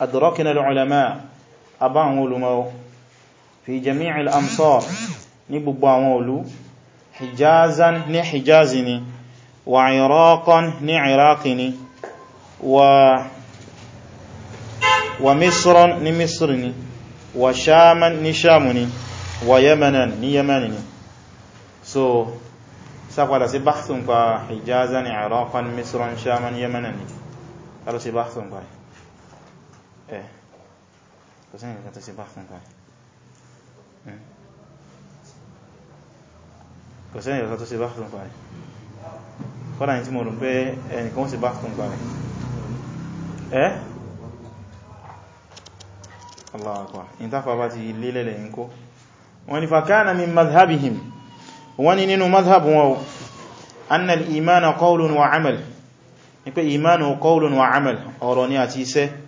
أدركنا العلماء أبعن علماء في جميع الأمصار نببان ولو حجازا نحجازني وعراقا نعراقني و ومصرا نمصرني وشاما نشامني ويمنا نيمنني so sakwada sí báxtún kwa hijazan iraqan misran shaman yamanan ni kalo sí báxtún ẹ̀ kò sí ẹ̀yìn kàtà sí bá fún kan kò sí ẹ̀yìn kàtà sí bá fún kan kọ́nà yìí tí mo rò pé ẹnìkan sí bá fún kan ẹ́ Allahu akbar in tafa bá ti lélẹ̀lẹ̀ yìí kó wọ́n ni fàkánà min mazhabihim wọ́n ni nínú mazhab anna al qawlun wa amal ni pé qawlun wa amal ọ̀rọ̀ ni àti iṣẹ́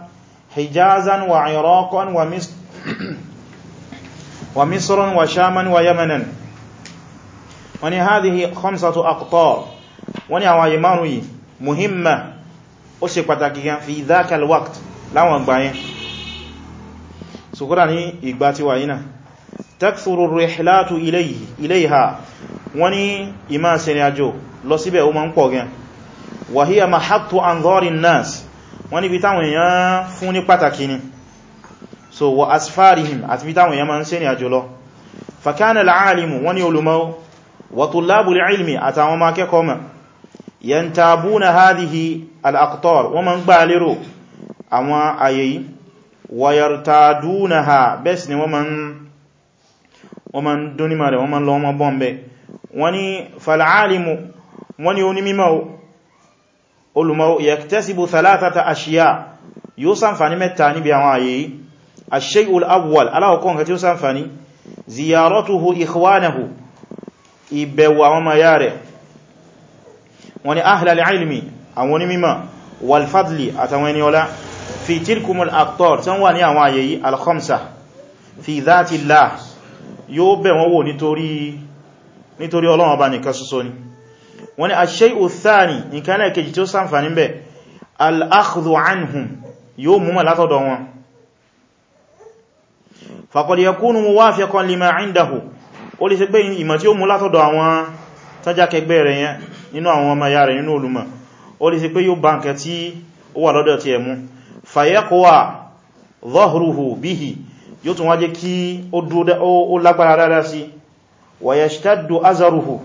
hijazan wa iraqan wa misr wa misran wa shaman wa yamanan wani hadhihi khamsatu aqtar wani àwọn imanu yi muhimma ó ṣe pàtàkì gan fi dhaka alwaqt láwọn gba yẹn so kura ní ìgbà tí wa yina takthuru rihlatu ilayhi ilayha wani ima ṣe ni àjò lọ síbẹ̀ ó ma ń gan wa hiya mahattu anzari nas wọ́n níbi táwọn èèyàn fún ní pàtàkì ni so wa asfarihim àti bí táwọn èèyàn ma ń ṣe ní àjò lọ fakana al'alimu wọ́n ni olùmọ́ wa tullabul ilmi àtàwọn ma kẹ́kọ̀ọ́ ma yantabuna hadhihi al'aqtar wọ́n ma ń gbà lérò àwọn ayayi wa yartadunaha bẹ́ẹ̀sì ni olùmọ̀ yaktasibu thalathata ashiya yóò sànfàní mẹ́ta níbi àwọn àyè yìí ash-shay'ul awwal aláwọ̀kọ́ nǹkan tí ó sànfàní ziyaratuhu ikhwanahu ìbẹ̀wò àwọn ma yà rẹ̀ wọ́n ni ahlal ilmi àwọn onímímọ̀ walfadli àtàwọn ẹni ọlá fi tilkumul aqtar tán wà ní àwọn àyè yìí al-khamsa fi dhatillah yóò wọ́n ni ash-shay'u ath-thani nǹkan lẹ́ẹ̀kejì tí ó sàǹfàní bẹ̀ al-akhdhu anhum yóò múmọ̀ látọ̀dọ̀ wọn faqad yakunu muwafiqan lima indahu ó lè ṣe pé ìmọ̀ tí ó mú látọ̀dọ̀ àwọn tájákẹgbẹ́ rẹ̀ yẹn nínú àwọn ọmọ ya rẹ̀ nínú olùmọ̀ ó lè ṣe pé yóò bá tí ó wà lọ́dọ̀ ti ẹ̀mú fayaqwa dhahruhu bihi yóò tún wá kí ó lágbára dáadáa sí wa azaruhu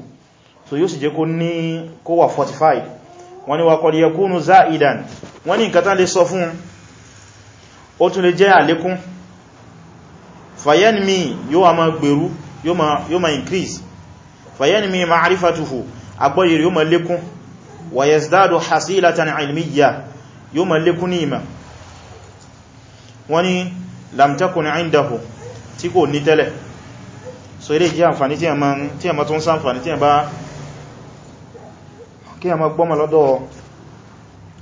so yóò sì jẹ́ kó ní kó wà 45 wọ́n ní wà qad yakunu za'idan wọ́n ní nǹkan tán lè sọ fún ó tún lè jẹ́ àlékún fayanmi yóò ma gbèrú yóò ma increase fayanmi ma'rifatuhu agbóyèrè yóò ma lékún wa yazdadu hasilatan ilmiyya yóò ma lékún ní ìmà wọ́n ní lam takun indahu tí kò ní tẹ́lẹ̀ so ilé jẹ́ àǹfàní tí a ma tún sáǹfàní tí a bá kí a ma gbọ́mọ̀ lọ́dọ̀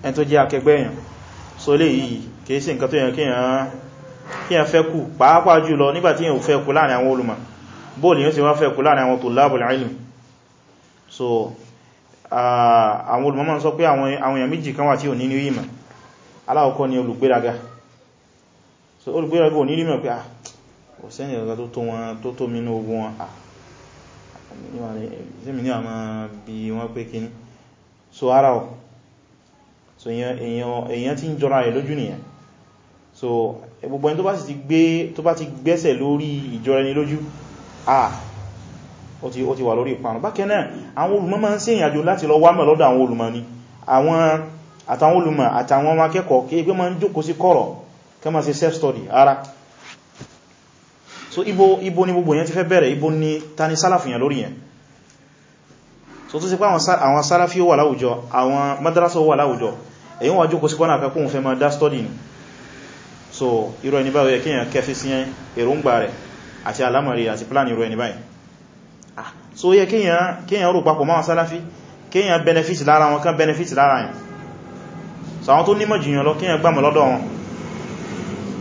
ẹn tó jẹ́ akẹgbẹ́ èyàn so lè yìí kìí sí nǹkan tó yẹ kí a fẹ́ kú pàápàá jùlọ nígbàtí yẹn ò fẹ́ kú láàrin àwọn olùmọ̀ bóòlì yóò sì wá fẹ́ kú láàrin àwọn tullabul ilm so àwọn olùmọ̀ máa ń sọ pé àwọn èèyàn méjì kan wà tí ò ní ni olùgbéraga so olùgbéraga ò ní ní ìmọ̀ pé ah kò sẹ́ni ọ̀gá tó tó wọn tó tó mínú ogun àmà bí wọ́n pé kíní so ara ọ̀ so èyàn tí ń jọra rẹ̀ lójú nìyàn so gbogbo ẹni tó bá sì ti gbé tó bá ti gbẹ́sẹ̀ lórí ìjọra ẹni lójú ah ó ti ó ti wà lórí ìparun bákan náà àwọn olùmọ̀ máa ń ṣe ìrìnàjò láti lọ wámọ̀ lọ́dọ̀ àwọn olùmọ̀ ni àwọn àtàwọn olùmọ̀ àtàwọn ọmọ akẹ́kọ̀ọ́ kí pé máa ń jókòó sí kọ̀rọ̀ kí máa ṣe self study ara so ibo ibo ni gbogbo yẹn ti fẹ́ bẹ̀rẹ̀ ibo ni ta ni sálàfihàn lórí yẹn so tó sì pá àwọn sáráfí ó wà láwùjọ àwọn madrasa ó wà láwùjọ èyí wọ́n jókòó sí kọ́nà àkẹ́kùn fẹ́ máa dá study ni so irú ẹni báyìí kí èyàn kẹfí sí èròǹgbà rẹ̀ àti alámọ̀rí àti plan irú ẹni báyìí ah, so yẹ kí èyàn rò papọ̀ máa sáráfí kí èyàn benefit lára wọn kán benefit so àwọn tó nímọ̀ jìyàn lọ kí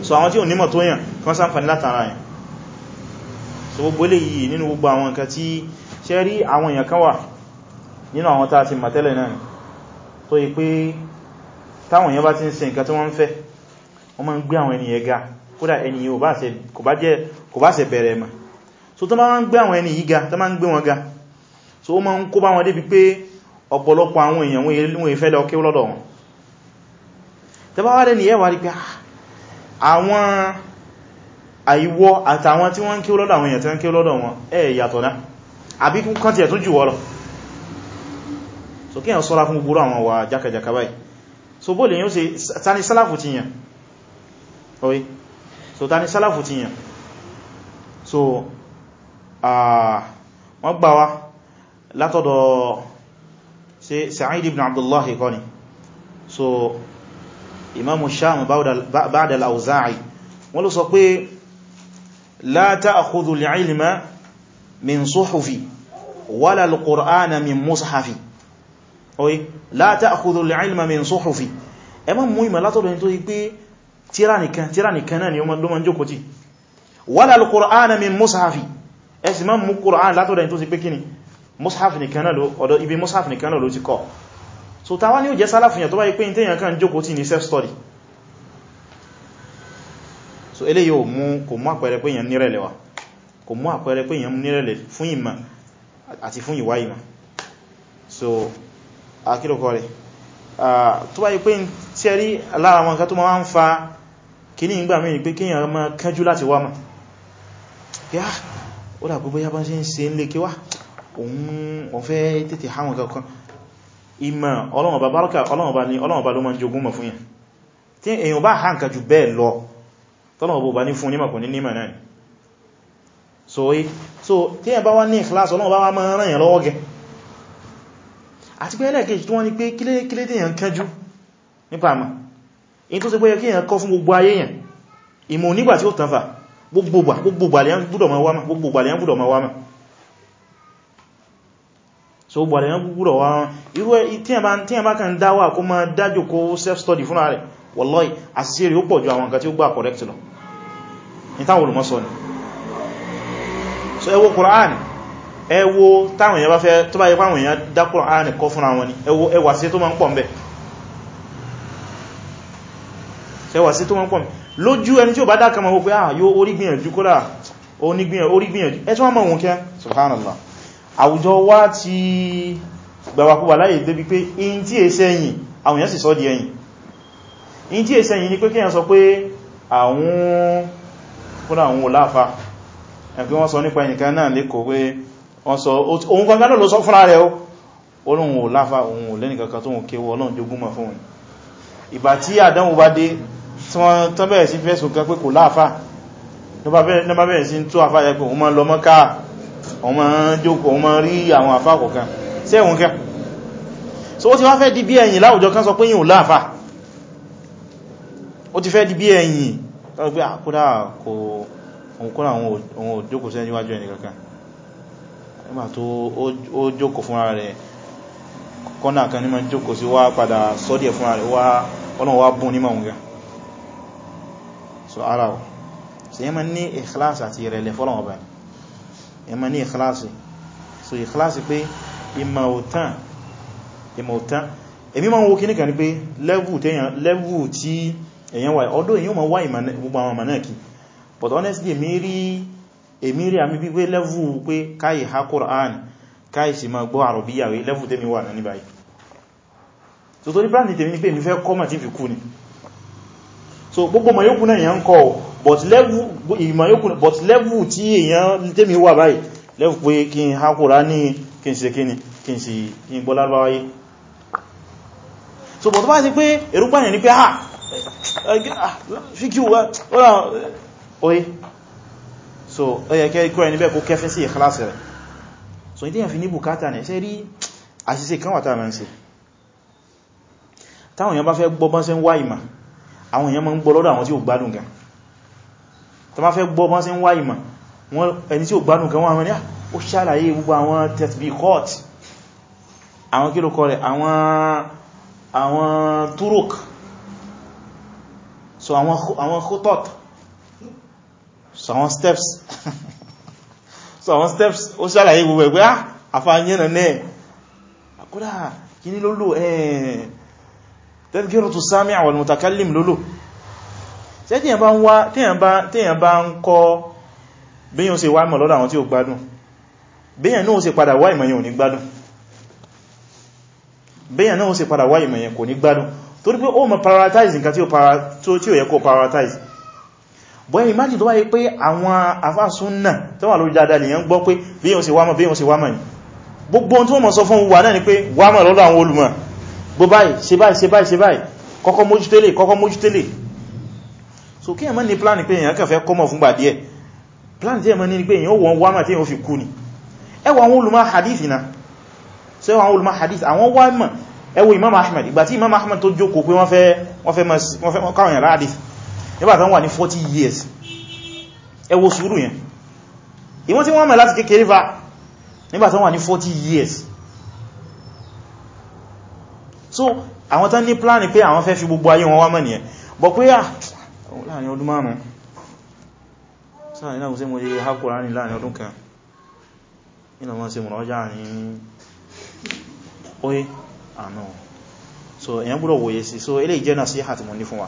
so àwọn tí ò nímọ̀ tó yàn kán ṣàǹfààní so gbogbo eléyìí nínú gbogbo àwọn nǹkan tí ṣe rí àwọn èèyàn kan wà nínú àwọn tàà ti màtẹ́lẹ̀ náà tó yí pé táwọn èèyàn bá ti ń ṣe nǹkan tí wọ́n ń fẹ́ wọ́n máa ń gbé àwọn ènìyàn ga kódà ẹni yìí kò bá ṣe bẹ̀rẹ̀ mà so tó máa ń gbé àwọn ẹni yìí ga tó máa ń gbé wọn ga so ó máa ń kó bá wọn débi pé ọ̀pọ̀lọpọ̀ àwọn èèyàn wọ́n ìfẹ́ so kí yàn sọ́ra fún gbogbo àwọn wà jákàjákà báyìí so bóòlè yíó ṣe tani sálàfù ti yàn oye so tani sálàfù ti yàn so wọ́n gbà wá látọ̀dọ̀ ṣe Sa'id ibn Abdullah kọ́ni so imamu sham ba'da al-Awza'i wọ́n ló sọ pé la ta'khudhu al min suhufi wala al-Qur'ana min mushafi oye la ta'khudhul ilma min suhufi ẹ má mú ìmọ̀ látọ̀dọ̀ ẹni tó yí pé tíra nìkan tíra nìkan náà ni ó ma jókòó tí wala al-Qur'ana min mushafi ẹ sì má mú Qur'an látọ̀dọ̀ ẹni tó sì pé kíni mushaf nìkan náà ló ọ̀dọ̀ ibi mushaf nìkan náà ló ti kọ́ so ta wá ní ó jẹ́ sálàfihàn tó bá yí pé ní tẹ́yàn kan kò mú àpẹẹrẹ pé èyàn nírẹ̀lẹ̀ fún ìmọ̀ àti fún ìwá ìmọ̀ so àkílòkọ rẹ̀ tó bá yí pé tí ẹrí lára wọn ká tó máa ń fa kìíní ìgbà mí pé kíyàn ma kánjú láti wá ma pé á ah, ó dà gbogbo yába sí ń ṣe ń lè kíwá òun fẹ́ tètè háwọn kankan ìmọ̀ ọlọ́wọ̀n bá bárọ́kà ọlọ́wọ̀n bá so tí èyàn bá wá ní ìkìláàsì ọlọ́wọ̀n bá wá máa ràn yàn àti pé ẹlẹ́ẹ̀kejì tó wọ́n ni pé kílé tí èyàn kẹjú nípa àmà in tó ṣe pé kí èyàn kọ́ fún gbogbo ayé yàn ìmọ̀ onígbà tí ó tànfà gbogbogbà lẹ́yàn gbúdọ̀ ma wámà so gbogbo àlẹ́yàn gbúdọ̀ wámà irú tí èyàn bá kàn dáwà self-study fúnra rẹ̀ wallahi àṣìṣe rẹ̀ ó pọ̀ ju àwọn nǹkan tí ó gbà Qur'an ẹwọ táwọn èèyàn bá fẹ́ tó bá yẹ páwọn èèyàn dá Kùránì kọ́ fún àwọn ni ẹwọ ẹwà sí tó máa ń pọ̀ mẹ́ ẹwà sí tó máa ń pọ̀ mẹ́ lójú ẹni tí ah, ó bá dákà máa wó pé à yóò orí kódà orí gbìyànjú ẹ mọ̀ wọn kẹ́ wa ti gbàwàkúwà láyé débi pé in tí è sẹ́yìn àwọn èèyàn sì sọ di ni pé kíyàn sọ pé àwọn kódà àwọn òláfà ẹ̀kí wọ́n sọ nípa ẹnìkan náà wọ́n sọ ohun kan gánà ló sọ fúnra rẹ̀ olóhun ò láfà ohun ò lẹ́nì kankan tó ń kéwọ ọlọ́run jogún mọ̀ fún ìgbà tí àdánwò bá dé tí wọ́n tán bẹ̀rẹ̀ sí fẹ́sùn kan pé kò láàfà ní bá bẹ̀rẹ̀ sí tó àfà yẹ pé òun máa lọ mọ́ká òun máa jókòó òun máa rí àwọn àfà kọ̀ọ̀kan sí ẹ̀wọ̀n ah, sẹ́yìn wájú ẹni kankan nígbà tó ó jókòó fúnra rẹ̀ kọ́nà kan ní ma jókòó sí wá padà sọ́dẹ̀ fúnra wa wá wa wá bún nímọ̀ ǹgá so ara ọ̀ so yẹ́ ni ikhlas ìkìláàsì re ìrẹ̀lẹ̀ fọ́lọ̀n ọba yẹ́ ma ní ìkìláàsì so ìkìláàsì pe ìmọ̀ òtán ìmọ̀ òtán èmi ma ń pe level ní pé lẹ́wù tí èyàn wà ọdún èyàn ma wá ìmọ̀ gbogbo àwọn mọ̀ náà kí but honestly èmi rí èmi rí àmì gbígbé lẹ́vù pé káì ha Qur'an káì sì máa gbọ́ àrọ̀bíyàwó lẹ́vù tẹ́mi wà ní báyìí so tó ní pláàni tèmi ní pé mi fẹ́ kọ́mà tí fi kú ni so gbogbo mayókù náà èyàn ń kọ́ but lẹ́vù tí èyàn tẹ́mi wà báyìí lẹ́vù pé kí ha Qur'an ní kí n ṣe kí so but bá ti pé èrúgbà yẹn ni pé ha ah, eh, eh, so ó yẹ kẹ́kọ́ ẹni bẹ́ẹ̀ kó kẹfẹ́ sí ìkìláàsì rẹ̀ so ìdíyàn fi ní bùkátà ní ṣe rí àṣìṣe kan wàtà mẹ́ sí táwọn èèyàn bá fẹ́ gbọ́ bọ́n sí ń wá ìmà àwọn èèyàn máa ń gbọ́ lọ́dọ̀ àwọn tí ó gbádùn gan tó bá fẹ́ gbọ́ bọ́n sí ń wá ìmà ẹni tí ó gbádùn gan wọ́n ah, ó ṣàlàyé gbogbo àwọn tẹ̀tbí court àwọn kí ló kọ rẹ̀ àwọn turuk so àwọn khutot so àwọn steps so àwọn steps ó ṣàlàyé gbogbo ẹgbẹ́ ah, àfàyẹ́nà náà àkúrà kí ní lólò ẹ̀ẹ̀ tẹ́lgẹ́rù tó sáàmì àwọn mutakallim lólò ṣe tíyàn bá ń kọ́ bíyàn ṣe wá ìmọ̀ lọ́dọ̀ àwọn tí ó gbádùn bíyàn náà ṣe padà wá ìmọ̀ yẹn kò ní gbádùn bíyàn náà ṣe padà wá ìmọ̀ kò ní gbádùn torí ó mọ̀ prioritize nǹkan tí ó yẹ kó prioritize bọ́yẹ̀ ìmájì tó wáyé pé àwọn afásúnnà tó wà lórí dáadáa nìyàn gbọ́ pé bí yíò ṣe wámọ̀ bí yíò ṣe wámọ̀ ní gbogbo ohun tí wọ́n mọ̀ sọ fún wa náà ni pé wámọ̀ lọ́dọ̀ àwọn olùmọ̀ gbọ́ báyìí ṣe báyìí ṣe báyìí ṣe báyìí kọ́kọ́ mójútélè kọ́kọ́ mójútélè so kí ẹ̀mọ́ ni plan pé èyàn kẹfẹ́ kọmọ̀ fún gbàdíẹ̀ plan tí ẹ̀mọ́ ni pé èyàn wọ́n wá máa tí èyàn fi kú ni ẹwọ àwọn olùmọ̀ hadith na ṣe wọ́n àwọn olùmọ̀ hadith àwọn wá mọ̀ nígbà kan wà ní 40 years ẹ wo sùúrù yẹn ìwọ́n tí wọ́n mẹ́ láti kékeré fa nígbà kan wà ní 40 years so àwọn tán ní pláàni pé àwọn fẹ́ fi gbogbo ayé wọn wá mọ̀ nìyẹn bọ̀ pé à ah, láàrin ọdún márùn-ún sáà nínú sí mo lè hákùrá ní láàrin ọdún kan nínú wọn sí mọ̀ rọ́jà ní oye àná so èyàn gbọ́dọ̀ wòye sí so eléyìí jẹ́ nasiha tí mo ní fún wa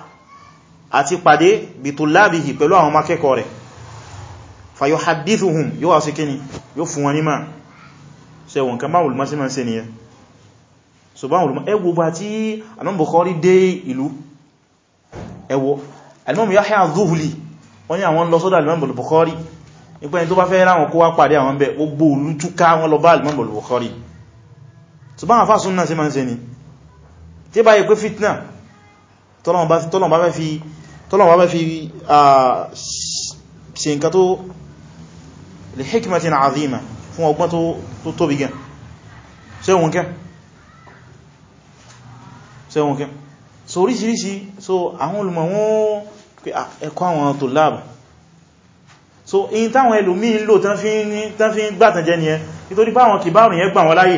àti pàdé bí tulabihi pẹ̀lú àwọn makẹ́kọ̀ọ́ rẹ̀ fa yuhaddithuhum yóò wá sí kíni yóò fún wọn ní máa ṣe wọn kan báwùl mọ́ sí máa ṣe nìyẹn so báwùl mọ́ ẹwọ bá tí Imam Bukhari dé ìlú ẹwọ Imam Yahya az-Zuhli wọ́n ní àwọn lọ sọ́dọ̀ Imam Bukhari nípa ẹni tó bá fẹ́ ráwọn kó wá pàdé àwọn bẹ́ ó tọ́lọ̀ bá fẹ́ fi tọ́lọ̀wọ́ bá fi ṣe nǹkan tó lè hikmatin azima fún ọgbọ́n tó tóbi gan ṣe wọn kẹ́ ṣe wọn kẹ́ so oríṣiríṣi so àwọn olùmọ̀ wọn pé ẹ̀kọ́ àwọn tó láàbù so in táwọn ẹlòmí lò tán fi ń gbàtàn jẹ́ nìyẹn nítorí pé àwọn kìbárùn yẹn gbà wọn láyè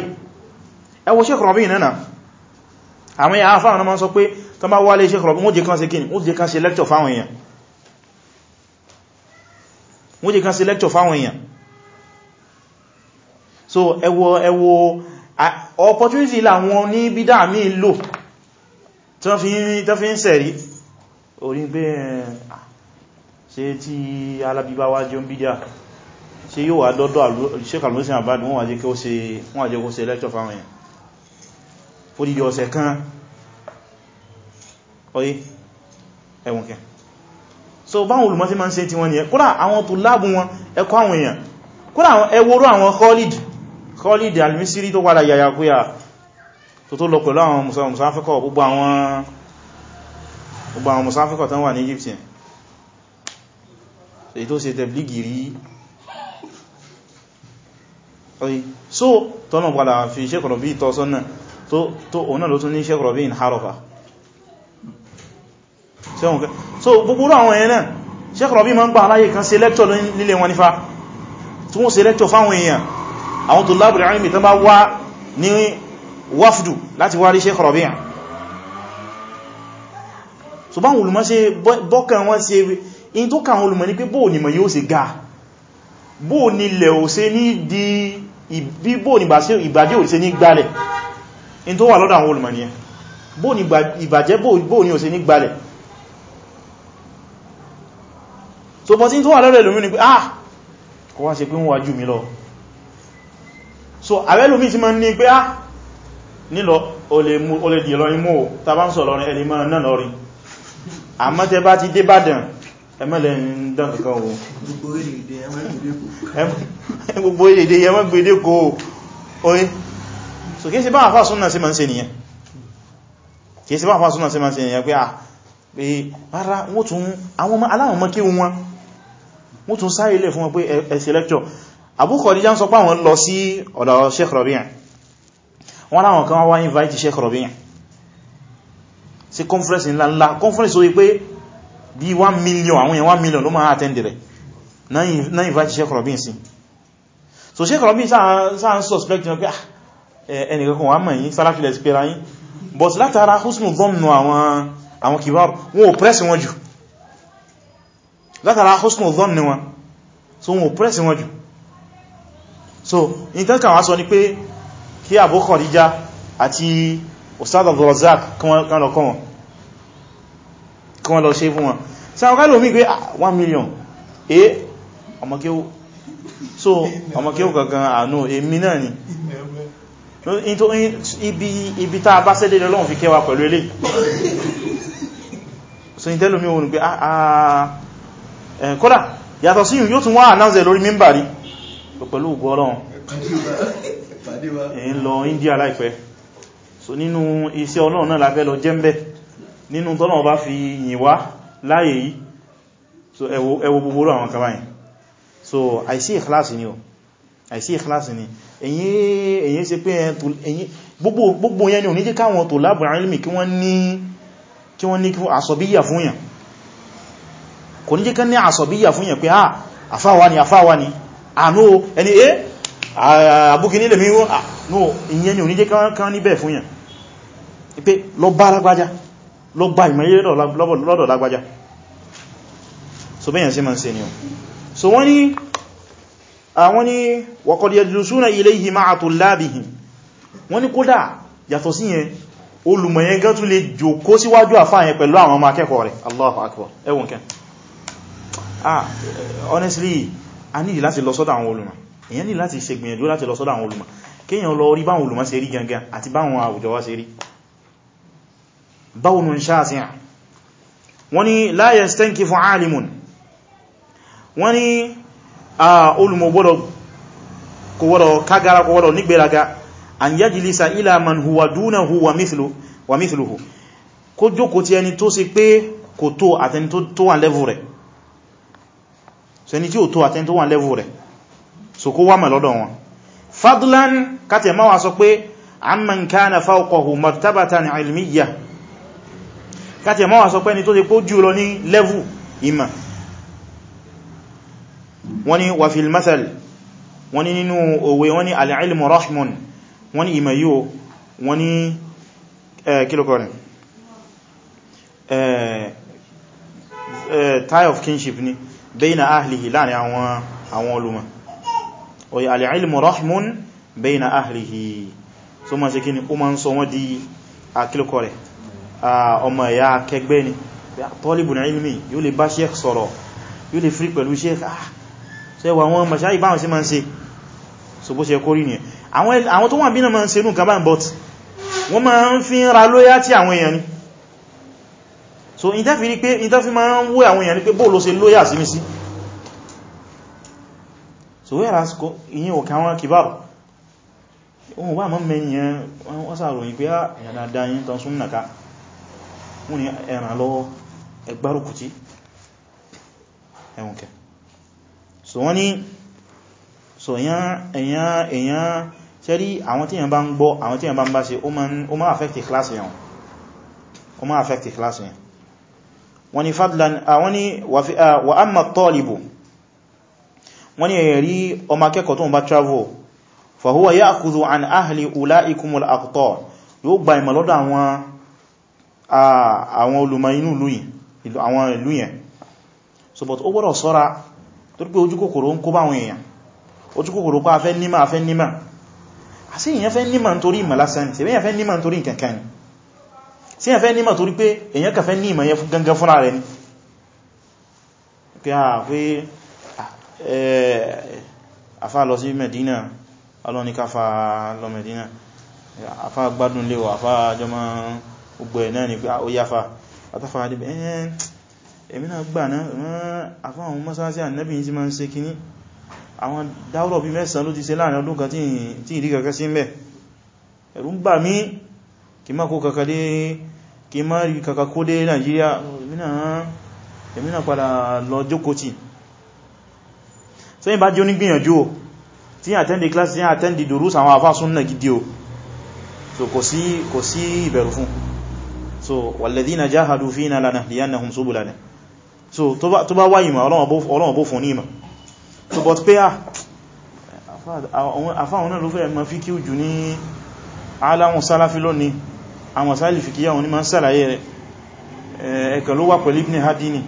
ẹ wo Sheikh àwọn yà áfà àwọn ọmọ sọ pé tó bá wálé Sheikh Rabi wọ́n jẹ́ kan ṣe kíni wọ́n jẹ́ kan ṣe lecture fáwọn èèyàn wọ́n kan ṣe lecture fáwọn èèyàn so ẹwọ ẹwọ opportunity làwọn ní bídá mi lò tó fi ń sẹ̀rí orí pé ṣe tí alábíbáwá jẹ́ ń bídá ṣe yóò wà dọ́dọ̀ Sheikh Al-Muhsin Al-Bani wọ́n wà jẹ́ kó ṣe lecture fáwọn èèyàn oye ẹwùn kẹ so báwọn olùmọ̀ sí ma ń ṣe tí wọ́n ni ẹ kúrò àwọn tó láàbù wọn ẹkọ́ àwọn èèyàn kúrò àwọn ẹwọ́rọ̀ àwọn Khalid Khalid al-Misri tó wádà yàyàkúyà tó tó lọ pẹ̀lú àwọn musáfíkọ̀ gbogbo àwọn musáfíkọ̀ tán wà ní Egypt èyí tó ṣe tẹ̀blígì rí oye so tọ́nà padà fi ṣẹ́kọ̀rọ̀bí ìtọ́sọ́nà tó òun náà ló tún ní ṣẹ́kọ̀rọ̀bí in Harafa sẹ́wọ̀n so gbogbo àwọn ẹ̀yẹn náà Sheikh Rabi ma ń gba aláyé kan ṣe lẹ́kṣọ́ nílé wọn nífà tí wọ́n ṣe lẹ́kṣọ́ fáwọn èèyàn àwọn tó lábìrì àìmì tán bá wá ní wáfdù láti wá rí Sheikh Rabi yàn so bá wọn olùmọ́ ṣe bọ́kàn wọn ṣe in tó kàn olùmọ́ ní pé bóò ni mọ̀ yóò ṣe ga bóò ni lẹ̀ ò ṣe ní di ìbí bóò ni ìbàjẹ́ ò ṣe ní gbalẹ̀ in tó wà lọ́dọ̀ àwọn olùmọ́ ni so bọ́ tí tó wà lọ́rọ̀ ẹlòmí ni pé ah kò wá ṣe pé wọ́n wá jù mí lọ so àwẹ́ lòmí ti ma ní pé ah nílọ o lè dìlọ imú o tàbá ń sọ lọrin ẹ̀lì mọ́ náà lọrin àmọ́ tẹ bá ti dé Ìbàdàn ẹmẹ́lẹ̀ ń dán kankan o gbogbo èdè ẹmẹ́ gbèdé kò oye so kìí sí bá àfà súnnà sí ma ń ṣe nìyẹn kìí sí bá àfà súnnà sí ma ń ṣe nìyẹn pé ah pé rárá wọ́n tún àwọn aláwọn mọ́ kí wọn wọ́n tún sáyé ilẹ̀ fún wọn pé ẹ̀sẹ̀ lecture Abu Khadija ń sọ pé àwọn lọ sí ọ̀dọ̀ Sheikh Rabi' wọ́n láwọn kan wá invite Sheikh Rabi' sí conference ńláńlá conference orí pé bí 1 million àwọn èèyàn 1 million ló máa attend rẹ̀ náà invite Sheikh Rabi' sí so Sheikh Rabi' sáà ń suspect ní pé ah, ẹnìkankan wà mọ̀ yí sáráfilẹ̀ sí pé ra yí but látara husnu dhannu àwọn kìbáru wọn press wọn látara husnu dhon ni wọn so wọn ò press wọn jù so in tán kàwà sọ ni pé kí Abu Khadija àti Ustad Abdulrazak kan lọ kọ́ wọn kí wọ́n lọ ṣe fún wọn sí àwọn kálò mí pé 1 ah, million eh ọmọ so ọmọ kí ó gangan àánú ah, èmi náà ni ibi tá a bá sẹ́dẹ̀ lọ́wọ́n fi kẹwàá pẹ̀lú eléyìí so in tẹ́lò mí wọn pé àà ah, Eh, kódà yàtọ̀ sí yóò tún wá announce lórí mímbàrí pẹ̀lú ọgbọ́lọ́run èyí lọ India láìpẹ́ so nínú iṣẹ́ ọlọ́run náà láfẹ́ lọ jẹ́mbẹ́ nínú tọ́lọ̀ bá fi yìn wá láyé yìí so so àìsí ìkìláàsì ni o àìsí ìkìláàsì ni èyí ṣe pé gbogbo yẹn ni ò ní jẹ́ káwọn tó lábùn ilmi kí wọ́n ní àsọ̀bíyà fún yàn kò ní jẹ́ kán ní àsọ̀bíyà fún yẹn pé ah àfáwà ni àfáwà ni àánú ah, ẹni eh ah, àbúkí nílẹ̀ mi wọ́n ah, ìyẹn ni ò ní jẹ́ kán níbẹ̀ fún yẹn pé lọ bá lágbájá lọ gba ìmọ̀yé lọ́dọ̀ lágbájá so bẹ́yàn sí máa ń ṣe síwájú àfáà yẹn pẹ̀lú àwọn ọmọ akẹ́kọ̀ọ́ rẹ̀ Allahu akbar ẹwùn kẹ́ ah honestly a nílì láti lọ sọ́dọ̀ àwọn olùmọ̀ èyàn nílì láti ṣe gbìyànjú láti lọ sọ́dọ̀ àwọn olùmọ̀ kíyàn lọ rí báwọn olùmọ̀ ṣe rí gangan àti báwọn àwùjọ wa ṣe rí báwọn ṣáàṣíyàn wọ́n ni la yastankifu alimun wọ́n ni olùmọ̀ kò wọ́dọ̀ kágara kò wọ́dọ̀ nígbéraga an ila man wa mithluhu kó jókòó ti ẹni tó sì pé kò tó àtẹni tó wà lẹ́vù so ẹni tí ó tó àtẹni tó wà level rẹ̀ so kó wá mọ̀ lọ́dọ̀ wọn fadlan kàtẹ̀ ma wà sọ pé amman kana fawqahu martabatan ilmiyyah kàtẹ̀ ma wà sọ pé ẹni tó ṣe pé ó jù lọ ní level ìmọ̀ wọ́n ni fil mathal wọ́n ni nínú òwe wọ́n ni al-ilmu rahmun wọ́n ni ìmọ̀ yíò wọ́n ni eh, eh, eh, tie of kinship ni bayna ahlihi láàrin àwọn àwọn olùmọ̀ oye al-ilmu rahmun bayna ahlihi so ma ṣe kí ni ó ma ń sọ wọ́n di akílùkọ rẹ̀ ọmọ ẹ̀yà akẹgbẹ́ ni talibul ilmi yóò lè bá sheikh sọ̀rọ̀ yóò lè frí pẹ̀lú sheikh ah so ẹwà wọn mọ̀ṣá ìbáwọn sí ma ń tó wà bí na ma ń ṣe nù kan bọ́t wọ́n ma ń fi ń ra lóyá tí àwọn èèyàn ni so in tẹ́fì ní pé in tẹ́fì ma ń wé àwọn èèyàn ní pé bóò ló ṣe lóyà sí mi sí so where as go ìyẹn òkè àwọn kìbàrù ohun bá mọ́ mẹ́yìn wọ́n sàròyìn pé èèyàn ah, dáadáa yìí tán súnmù nàká wọ́n ni ẹ̀ràn lọ́wọ́ ẹgbárùkùtí ẹ̀wùnkẹ́ so wọ́n ni so èèyàn èèyàn ṣẹ́rí àwọn tí èèyàn bá ń gbọ́ àwọn tí èèyàn bá ń bá ṣe ó máa affect class èèyàn ó máa affect class èèyàn wọ́n ni fadlan àwọn ah, ni ah, wa amma talibu wọ́n ni ẹ̀rí ọmọ akẹ́kọ̀ọ́ tó ń bá travel fa huwa ya'khudhu an ahli ulaikumul aqtar yóò gba ìmọ̀ lọ́dọ̀ àwọn ah, olùmọ̀ inú ìlú yẹn so but ó gbọ́dọ̀ sọ́ra tó pé ojúkòkòrò ń kó báwọn èèyàn ojúkòkòrò pa afẹ́ nímọ̀ afẹ́ nímọ̀ sí ẹ̀fẹ́ nímọ̀ torí pé èyàn kàfẹ́ ní ìmọ̀ yẹn fún gangan fúnra rẹ̀ ni pé a ah, pé ah, àfá lọ sí Medina alọ́nikáfà lọ Medina àfá gbádùn léwọ àfá jọmọ gbogbo ẹ̀ náà ni pé ah, ó yáfà àtàfà adébẹ̀ ẹ̀yẹn èmi náà gbà náà àfá àwọn mọ́sánásí ànẹ́bì yìí ti máa ń ṣe kíní àwọn dáwọ́rọ̀ bí mẹ́sàn ló ti ṣe láàrin ọdún kí má kó kàkàlé kí má rí kàkàkó lé Nàìjíríà èmìnà padà lọ jókòtì so yí bá jí onígbìyànjú o tí yí àtẹ́ndì kílásì yí àtẹ́ndì dùrúsà àwọn àfá súnnà gidi o so kò sí kò sí ìbẹ̀rù fún so walladhina jahadu fina lanahdiyannahum subulana so tó bá wáyìí ma Ọlọ́run bó fún ní ìmọ̀ so but pé à ah, àfá àwọn náà ma fi kí jù ní aláwọn sálàfí lónìí àwọn sáàlì fìkíyà wọn ni ma ń sàlàyé rẹ̀ eh, ẹ̀kàn ló wà pẹ̀lú ibn hadini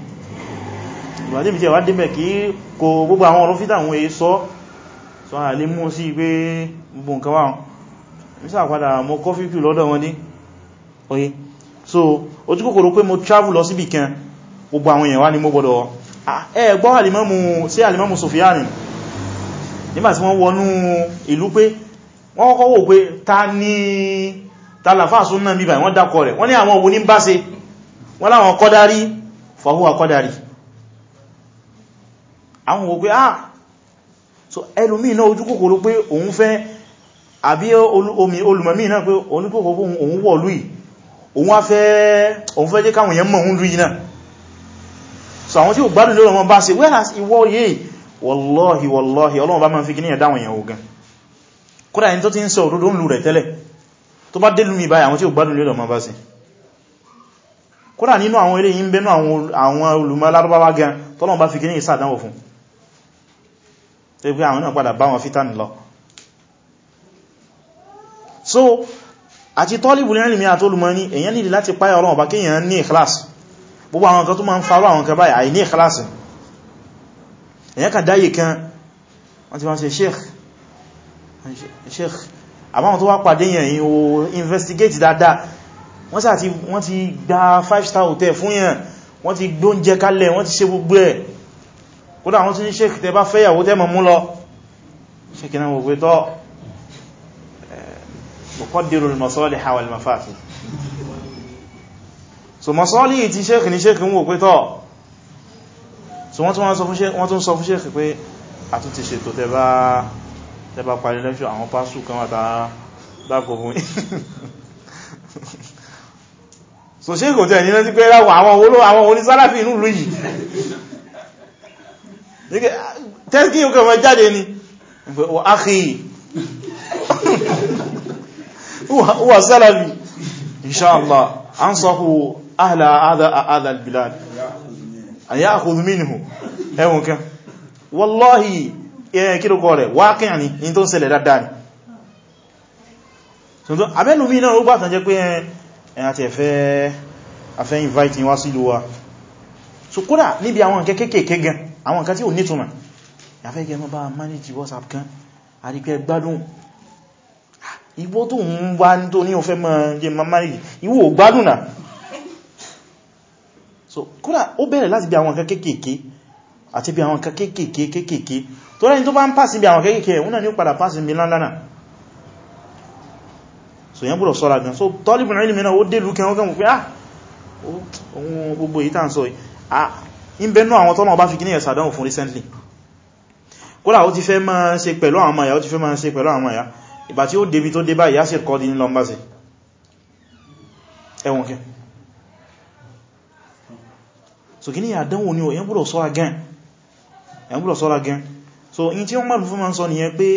ìbàdébì tí a wá débẹ̀ kí kò gbogbo àwọn ọ̀rọ̀ fídà wọn èé sọ sọ àlè mú sí pé gbogbo nǹkan wà so ojú kòkòrò mo travel lọ síbì kan gbogbo àwọn èèyàn wá mo gbọdọ̀ ẹ gbọ́ alìmọ́mù sí alìmọ́mù sofiani nígbàtí wọ́n wọnú ìlú wọ́n kọ́kọ́ wò pé ta ni tàlàfà súnnà bíbà wọ́n dákọ̀ rẹ̀ wọ́n ní àwọn òun ní bá se wọ́n láwọn kọ́dárí fọwọ́ kọ́dárí àwọn òpé ah so ẹlùmí náà ojú kòkòrò pé òun fẹ́ àbí omi olùmọ̀mí náà pé olùkòkòrò òun wọ̀ lúì òun wá fẹ́ òun fẹ́ jẹ́ káwọn èèyàn mọ̀ so àwọn tí ò gbádùn lọ́rọ̀ wọn bá se whereas ìwọ yìí wallahi wallahi ọlọ́run bá máa fi kí níyàn dáwọn èèyàn ogun kódà ẹni tó bá délù mi báyìí àwọn tí ó gbádùn lélọ ma bá sí kódà nínú àwọn eré yìí ń bẹnu àwọn olùmọ̀ lárúbáwá gan tọ́lọ́n bá fi kí ní ìsàdánwò fún so àti tọ́lìbù lẹ́rìn mi àti olùmọ̀ ní èyàn nílì láti páyà ọlọ́run bá kéèyàn ní ìkìláàsì gbogbo àwọn kan tó máa ń farú àwọn sheikh sheikh àbáwọn tó wá pàdé yẹn yìí o investigate dada wọ́n sá ti wọ́n ti gba 5 star hotel fún yẹn wọ́n ti gbóúnjẹ kalẹ̀ wọ́n ti ṣe gbogbo ẹ̀ kódà wọ́n ti ní ṣe kìtẹ́ bá fẹ́yàwó tẹ́ mọ̀ mú lọ ṣe kìnnà gbogbo so masọ́lì ti ṣe kìnnì ṣe kìnnì wò pé tọ́ so wọ́n tún sọ fún ṣe pé àtúntì ṣètò tẹ́ bá tẹba parí lẹ́ṣọ́ àwọn pásù kan wà tàà dákò fún so ṣe kò tẹ̀ nílẹ́ tí pé àwọn onísálàfí inú lú yìí tẹ́sìkí yóò kẹfẹ́ jáde ni wà áhìí wà sálàfí inṣáàlá an sọ́kù ahla hadha al-bilad an ya'khudh minhu wallahi kílùkọ rẹ̀ wákìyàn ni in tó ń ṣẹlẹ̀ dáadáa ni tuntun abẹ́lùmí náà ó gbà tàn jẹ́ pé ẹ̀yà ti ẹ̀fẹ́ afẹ́ invite wá sí ìlú wa so kódà níbi àwọn nǹkan kéèkéèké gan àwọn nǹkan tí ò nítumọ̀ yàfẹ́ gẹ mọ́ bá manage whatsapp kan àrígbẹ́ gbádùn ìwọ tó ń wá ní tó ní o fẹ́ mọ́ jẹ manage ìwọ ò gbádùn náà so kódà ó bẹ̀rẹ̀ láti bí àwọn nǹkan àti bí àwọn kéèkéèké kéèkéèké tó rẹ́ni tó bá ń pàsí bí àwọn kéèkéèké wọ́n náà ni ó padà pàsí bí lánlánà so yẹn búrọ̀ sọ́ra gan so tọ́lìbùn ilmi náà ó dé lúkẹ́ wọ́n kẹ́mù pé ah ohun gbogbo èyí tàn sọ in ah, bẹ́nu àwọn tọ́nà ọba fi gíníyàn sàdánwò fún recently kódà ó ti fẹ́ máa ṣe pẹ̀lú àwọn àmàyà ó ti fẹ́ máa ṣe so gíníyàn àdánwò ni ò yẹn búrọ̀ sọ́ra gan ẹ̀gbùrọ̀ sọ́ra gan so in tí wọ́n mọ̀lú fún ma ń sọ nìyẹn pé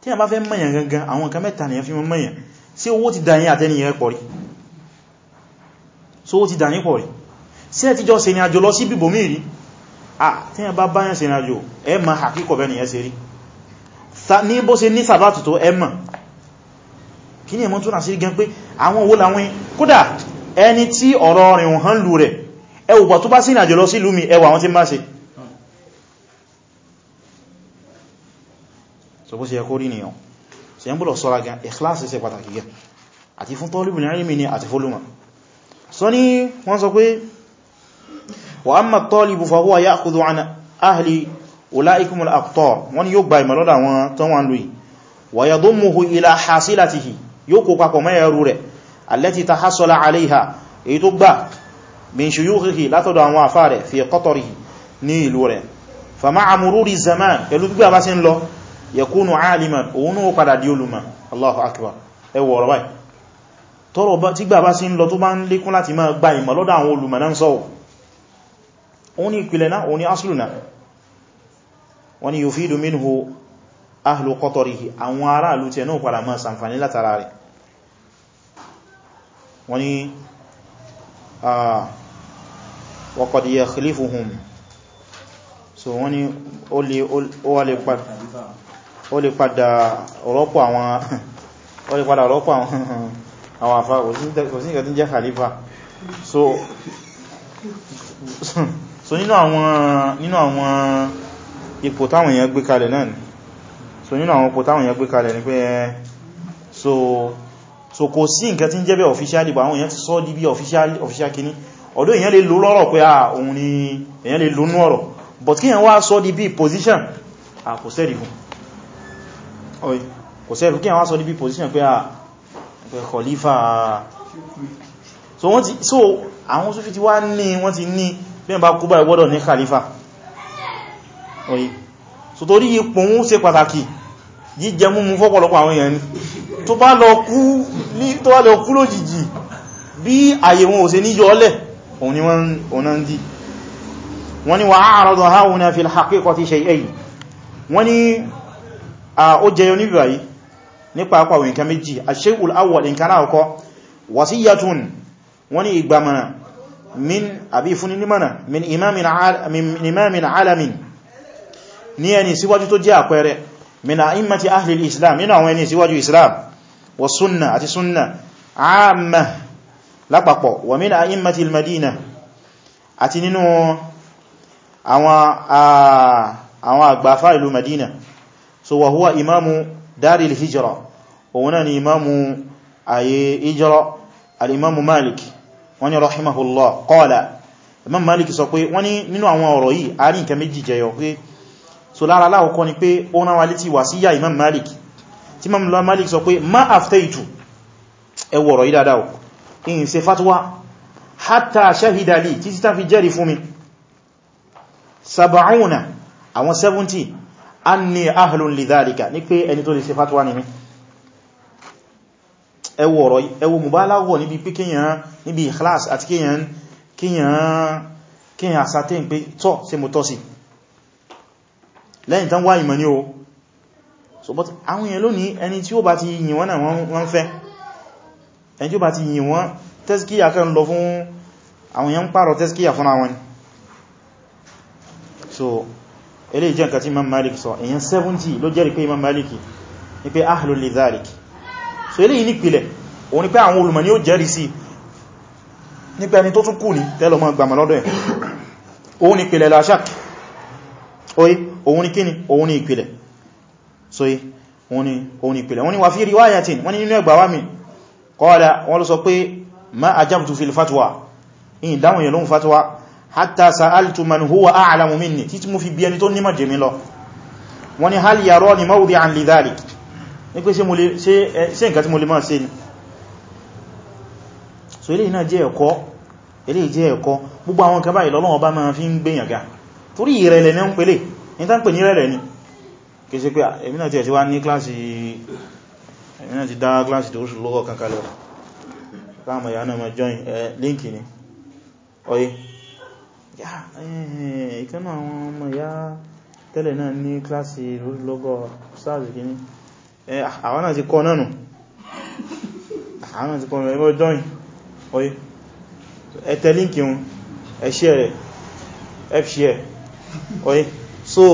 tí a bá fẹ́ mọ̀yàn gangan àwọn nǹkan mẹ́ta nìyẹn fi mọ̀yàn sí owó ti dàyìn àtẹ́niyàn pọ̀ rí so owó ti dàyìn pọ̀ rí sí ẹ̀ tíjọ́ ṣe ni àjò lọ sí bìbò mí rí ni àjò ẹ ma àkíkọ̀ bẹ́ nìyẹn ṣe rí ní bó ṣe ní sàbátù tó ni ẹ̀mọ́ tó nà sí gan pé àwọn owó làwọn kódà ẹni ẹwà àwọn tí má ṣe so bó ṣe yẹ kó rí nìyàn so yẹn búlọ̀ sọ́ra gan ikhlas ṣe pàtàkì gan àti fún tọ́lùbù ní àrími ni àti fólùmọ̀ so ní wọ́n sọ pé wa amma at-talibu fa huwa ya'khudhu 'an ahli ulaikum al-aqtar wọ́n yóò gba ìmọ̀lọ́dà wọn tán wọn lùi wa yadummuhu ila hasilatihi yóò kó papọ̀ mẹ́ ẹrù rẹ̀ allati tahassala 'alayha èyí tó gbà min shuyukhihi látọ̀dọ̀ àwọn àfá rẹ̀ fi qatarihi ní ìlú rẹ̀ fa ma'a mururi zaman pẹ̀lú gbígbà bá sí ń yakunu aliman òun náà padà di olùmọ̀ Allahu akbar ẹwọ ọ̀rọ̀ báyìí tọ́rọ tí gbà bá sí ń lọ tó bá ń lékún láti máa gba ìmọ̀ lọ́dọ̀ àwọn olùmọ̀ náà sọ́wọ́ òun ni ìpìlẹ̀ náà òun ni aslu náà wọ́n ni yufidu minhu ahlu qatorihi àwọn ará ìlú náà padà máa sàǹfàní látara rẹ̀ wọ́n ni wa qad yakhlifuhum so wọ́n ni ó wà pàdé ó lè padà rọ́pò àwọn ó lè padà rọ́pò àwọn àwọn àfá kò sí tí ń jẹ́ khalifa so so nínú àwọn nínú àwọn ipò táwọn èèyàn gbé kalẹ̀ náà ni so nínú àwọn ipò táwọn èèyàn gbé kalẹ̀ ni pé so so kò sí nǹkan tí ń jẹ́ bẹ́ officially bá àwọn èèyàn ti sọ di bí official official kini ọ̀dọ̀ èèyàn lè lò lọ́rọ̀ pé à ah, òun ni èèyàn lè lò nú ọ̀rọ̀ but kíyàn wá sọ di bí position àkòsẹ́dì fún oye kò sẹ́ ẹ̀rù kí àwọn aṣọ níbi position pé ah, khalifa ah. so so àwọn Sufi ti wá ní wọ́n ti ní bẹ́ẹ̀ bá kúbà ìwọ́dọ̀ ní khalifa oye so torí ipò ń ṣe pàtàkì jíjẹ múmú fọ́pọ̀lọpọ̀ àwọn èèyàn ni tó bá lọ kú lójijì bí àyè wọn ò ṣe níyọ ọlẹ̀ wọ́n ni wọ́n ni ó jẹyọ níbi báyìí nípa apá òyìnkan méjì ash-shay'ul awwal nǹkan àkọ́ wasiyyatun wọ́n ni ìgbàmọ̀nà min àbí fún nímọ̀nà min imamin alamin ní ẹni síwájú tó jẹ́ àpẹẹrẹ min a'immati ahli islam nínú àwọn ẹni síwájú islam wa sunna àti sunna àmà lápapọ̀ wa min a'immati al-madina àti nínú àwọn àgbàfà ìlú madina so wa huwa imamu daril hijra òun náà ni imamu ayé hijra al'imamu malik wani rahimahullah qala imam malik sọ pé wani nínú àwọn ọ̀rọ̀ yìí a rí nǹkan méjì jẹyọ pé so lára aláhùkọ́ ni pé ó náwà létí wà síyà imam malik tí imam malik sọ pé ma aftaitu ẹwọ ọ̀rọ̀ yìí dáadáa in ṣe fatwa hatta shahidali títí ta fi jẹ́rìí fún mi sab'una anni ahlun lidhalika ní pé ẹni tó lè ṣe fatwa ni mí ẹwọ ọ̀rọ̀ ẹwọ mubalaghah níbi pé kíyàn níbi ikhlas àti kíyàn kíyàn ascertain pé tọ́ sí mo tọ́ sí lẹ́yìn tán wá ìmọ̀ ní o so but àwọn èèyàn lónìí ẹni tí ó bá ti yìn wọ́n náà wọ́n fẹ́ ẹni tí ó bá ti yìn wọ́n tẹ́síkíyà kan lọ fún àwọn èèyàn ń pààrọ̀ tẹ́síkíyà fún so ilé ìjẹ́ nǹkan tí imam malik sọ èyàn 70 ló jẹ́rìí pé imam malik ní pé ahlu li dhalik so ilé ìní pìlẹ̀ òun ni pé àwọn olùmọ̀ ni ó jẹ́rìí sí nípa ẹni tó tún kù ní tẹ́lọ mọ́ gbàmọ̀ lọ́dọ̀ ẹ̀ òun ni pìlẹ̀ lashak oye òun ni kíni òun ni ìpìlẹ̀ so òun òun ni ìpìlẹ̀ wọ́n ni wà fi riwayatin wọ́n ni nínú ẹgbàwá mi qala wọ́n lọ sọ pé ma ajabtu fil fatwa in dáwọn yẹ̀ lóhun fatwa hatta sa'altu man huwa a'lamu minni títí mo fi bi ẹni tó nímọ̀ jẹ́ mi lọ wọ́n ni hal yarani mawdi'an li dhalik ní pé ṣé nǹkan tí mo lè máa ṣe ni so eléyìí náà jẹ́ ẹ̀kọ́ eléyìí jẹ́ ẹ̀kọ́ gbogbo àwọn kan báyìí lọ́lọ́wọ́ bá máa fi ń gbé yànga torí ìrẹ̀lẹ̀ ní ń pèlè ní tá ń pè ní rẹ̀lẹ̀ ni kìí ṣe pé èmi náà ti ẹ̀sí wá ní kíláàsì èmi náà ti dá kíláàsì tó ṣùlọ́gọ́ kankan lọ láàmà ìyá náà ma join líǹkì ni ọyí Ah, eh, ìkẹ́nà àwọn ọmọ ìyá tẹ́lẹ̀ náà ní kíláàsì lórílọ́gọ́ stars eh, ah, gini àwọn náà ti kọ́ náà nù ah, àwọn náà ti kọ́ náà ẹgbẹ́ join oye ẹ̀tẹ̀ líǹkì hun ẹ̀ṣẹ́ rẹ̀ fṣẹ́ oye so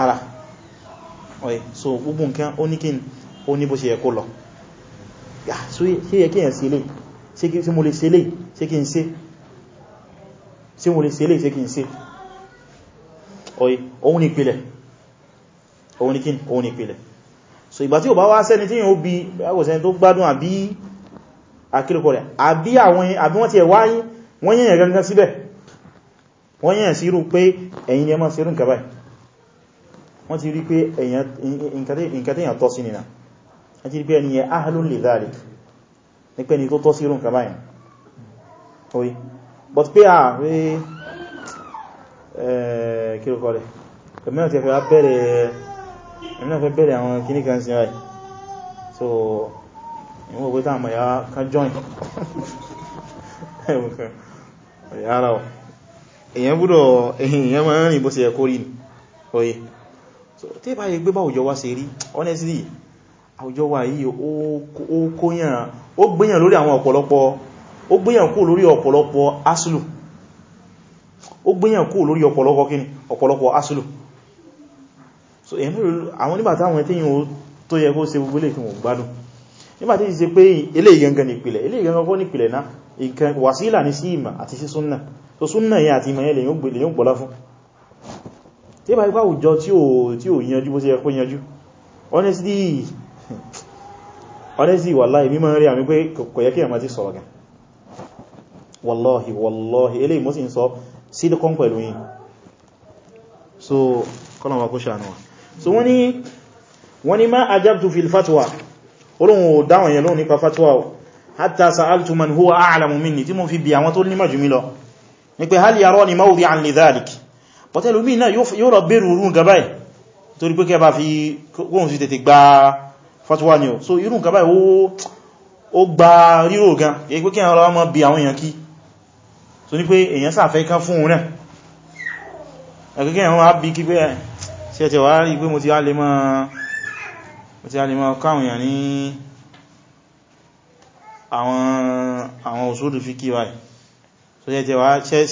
ara oye so gbogbo nǹkan ó ní kí ó ní bó ṣe yẹ kó lọ ṣe yẹ kí èyàn ṣe lè ṣe kí mo lè ṣe sí wọn lè ṣe lè ṣe kí n ṣe òun ni ìpìlẹ̀ òun so ìgbà tí ò bá wá sẹ́ni tí yíò bí ẹgbẹ̀sẹ̀ni tó gbádùn àbí akílùkọ rẹ̀ àbí àwọn àbí wọ́n ti ẹ̀wá yí wọ́n yẹ̀yẹ̀ gangan síbẹ̀ wọ́n yẹ̀yẹ̀ sí rú pé ẹ̀yin ni ẹ máa ṣe rú nǹkan báyìí wọ́n ti rí pé nǹkan tí èyàn tọ́ sí nìna wọ́n ti rí pé ẹni yẹ ahlun li dhalik ní ni tó tọ́ sí rú nǹkan but pé ààrin ah, eh, kírókọ rẹ̀ ẹ̀mìnà ti fẹ́ bẹ̀rẹ̀ àwọn kìní kan sí ráì so ìwọ̀n ògbé tàà mọ̀ ya ká join ara ọ̀ èyàn búrọ̀ máa rìn bó ṣe ẹ̀kọ́ rí ní oye so tí bá yẹ gbé bá òjò wá ṣe rí honestly àwùjọ wa yìí ó kóyàn ó gbéyàn lórí àwọn ọ̀pọ̀lọpọ̀ ó gbéyàn kú lórí ọ̀pọ̀lọpọ̀ asìlù ó gbéyàn kú lórí ọ̀pọ̀lọpọ̀ kíni ọ̀pọ̀lọpọ̀ asìlù so àwọn nígbàtí àwọn tí yíò tó yẹ kó ṣe gbogbo lè fi wọ́n gbádùn nígbàtí ṣe pé ilé ìgangan nìpìlẹ̀ ilé ìgangan kọ́ nìpìlẹ̀ náà so súnnà yẹn àti ìmọ̀ yẹn lè yóò gbọ́lá fún tí bá ipá òjò tí ò honestly honestly wàláhì mímọ̀ rí àmì pé kò yẹ ti sọ̀rọ̀ wallahi wallahi eléyìí mo sì ń sọ sídíkọ́n pẹ̀lú yìí so kọ́lọ̀wà kó ṣàánúwà so wọ́n ni wọ́n ni ma ajabtu fil fatwa olóhun ò dáwọn yẹn lóhun nípa fatwa o hatta sa'altu man huwa a'lamu minni tí mo fi bi àwọn tó ní màjú mi ni pé hal yarani mawdi'an li dhalik but ẹlòmí náà yóò rọ bẹ̀rù rú nǹkan báyìí torí pé kẹba fi kóhun sí tètè gba fatwa ni o so irú nǹkan báyìí ó gba ríro gan kí pé kí àwọn ọmọ bí àwọn èèyàn kí so ní pé èyàn sáfẹ́ ká fún òun náà ẹgbẹ́gbẹ́ àwọn àbí kí pé eh, ṣe ẹ̀tẹ̀ wà rí pé mo ti alẹ́ mọ́ káwọn èyàn ní àwọn òṣòdù fi kí báyìí so ṣe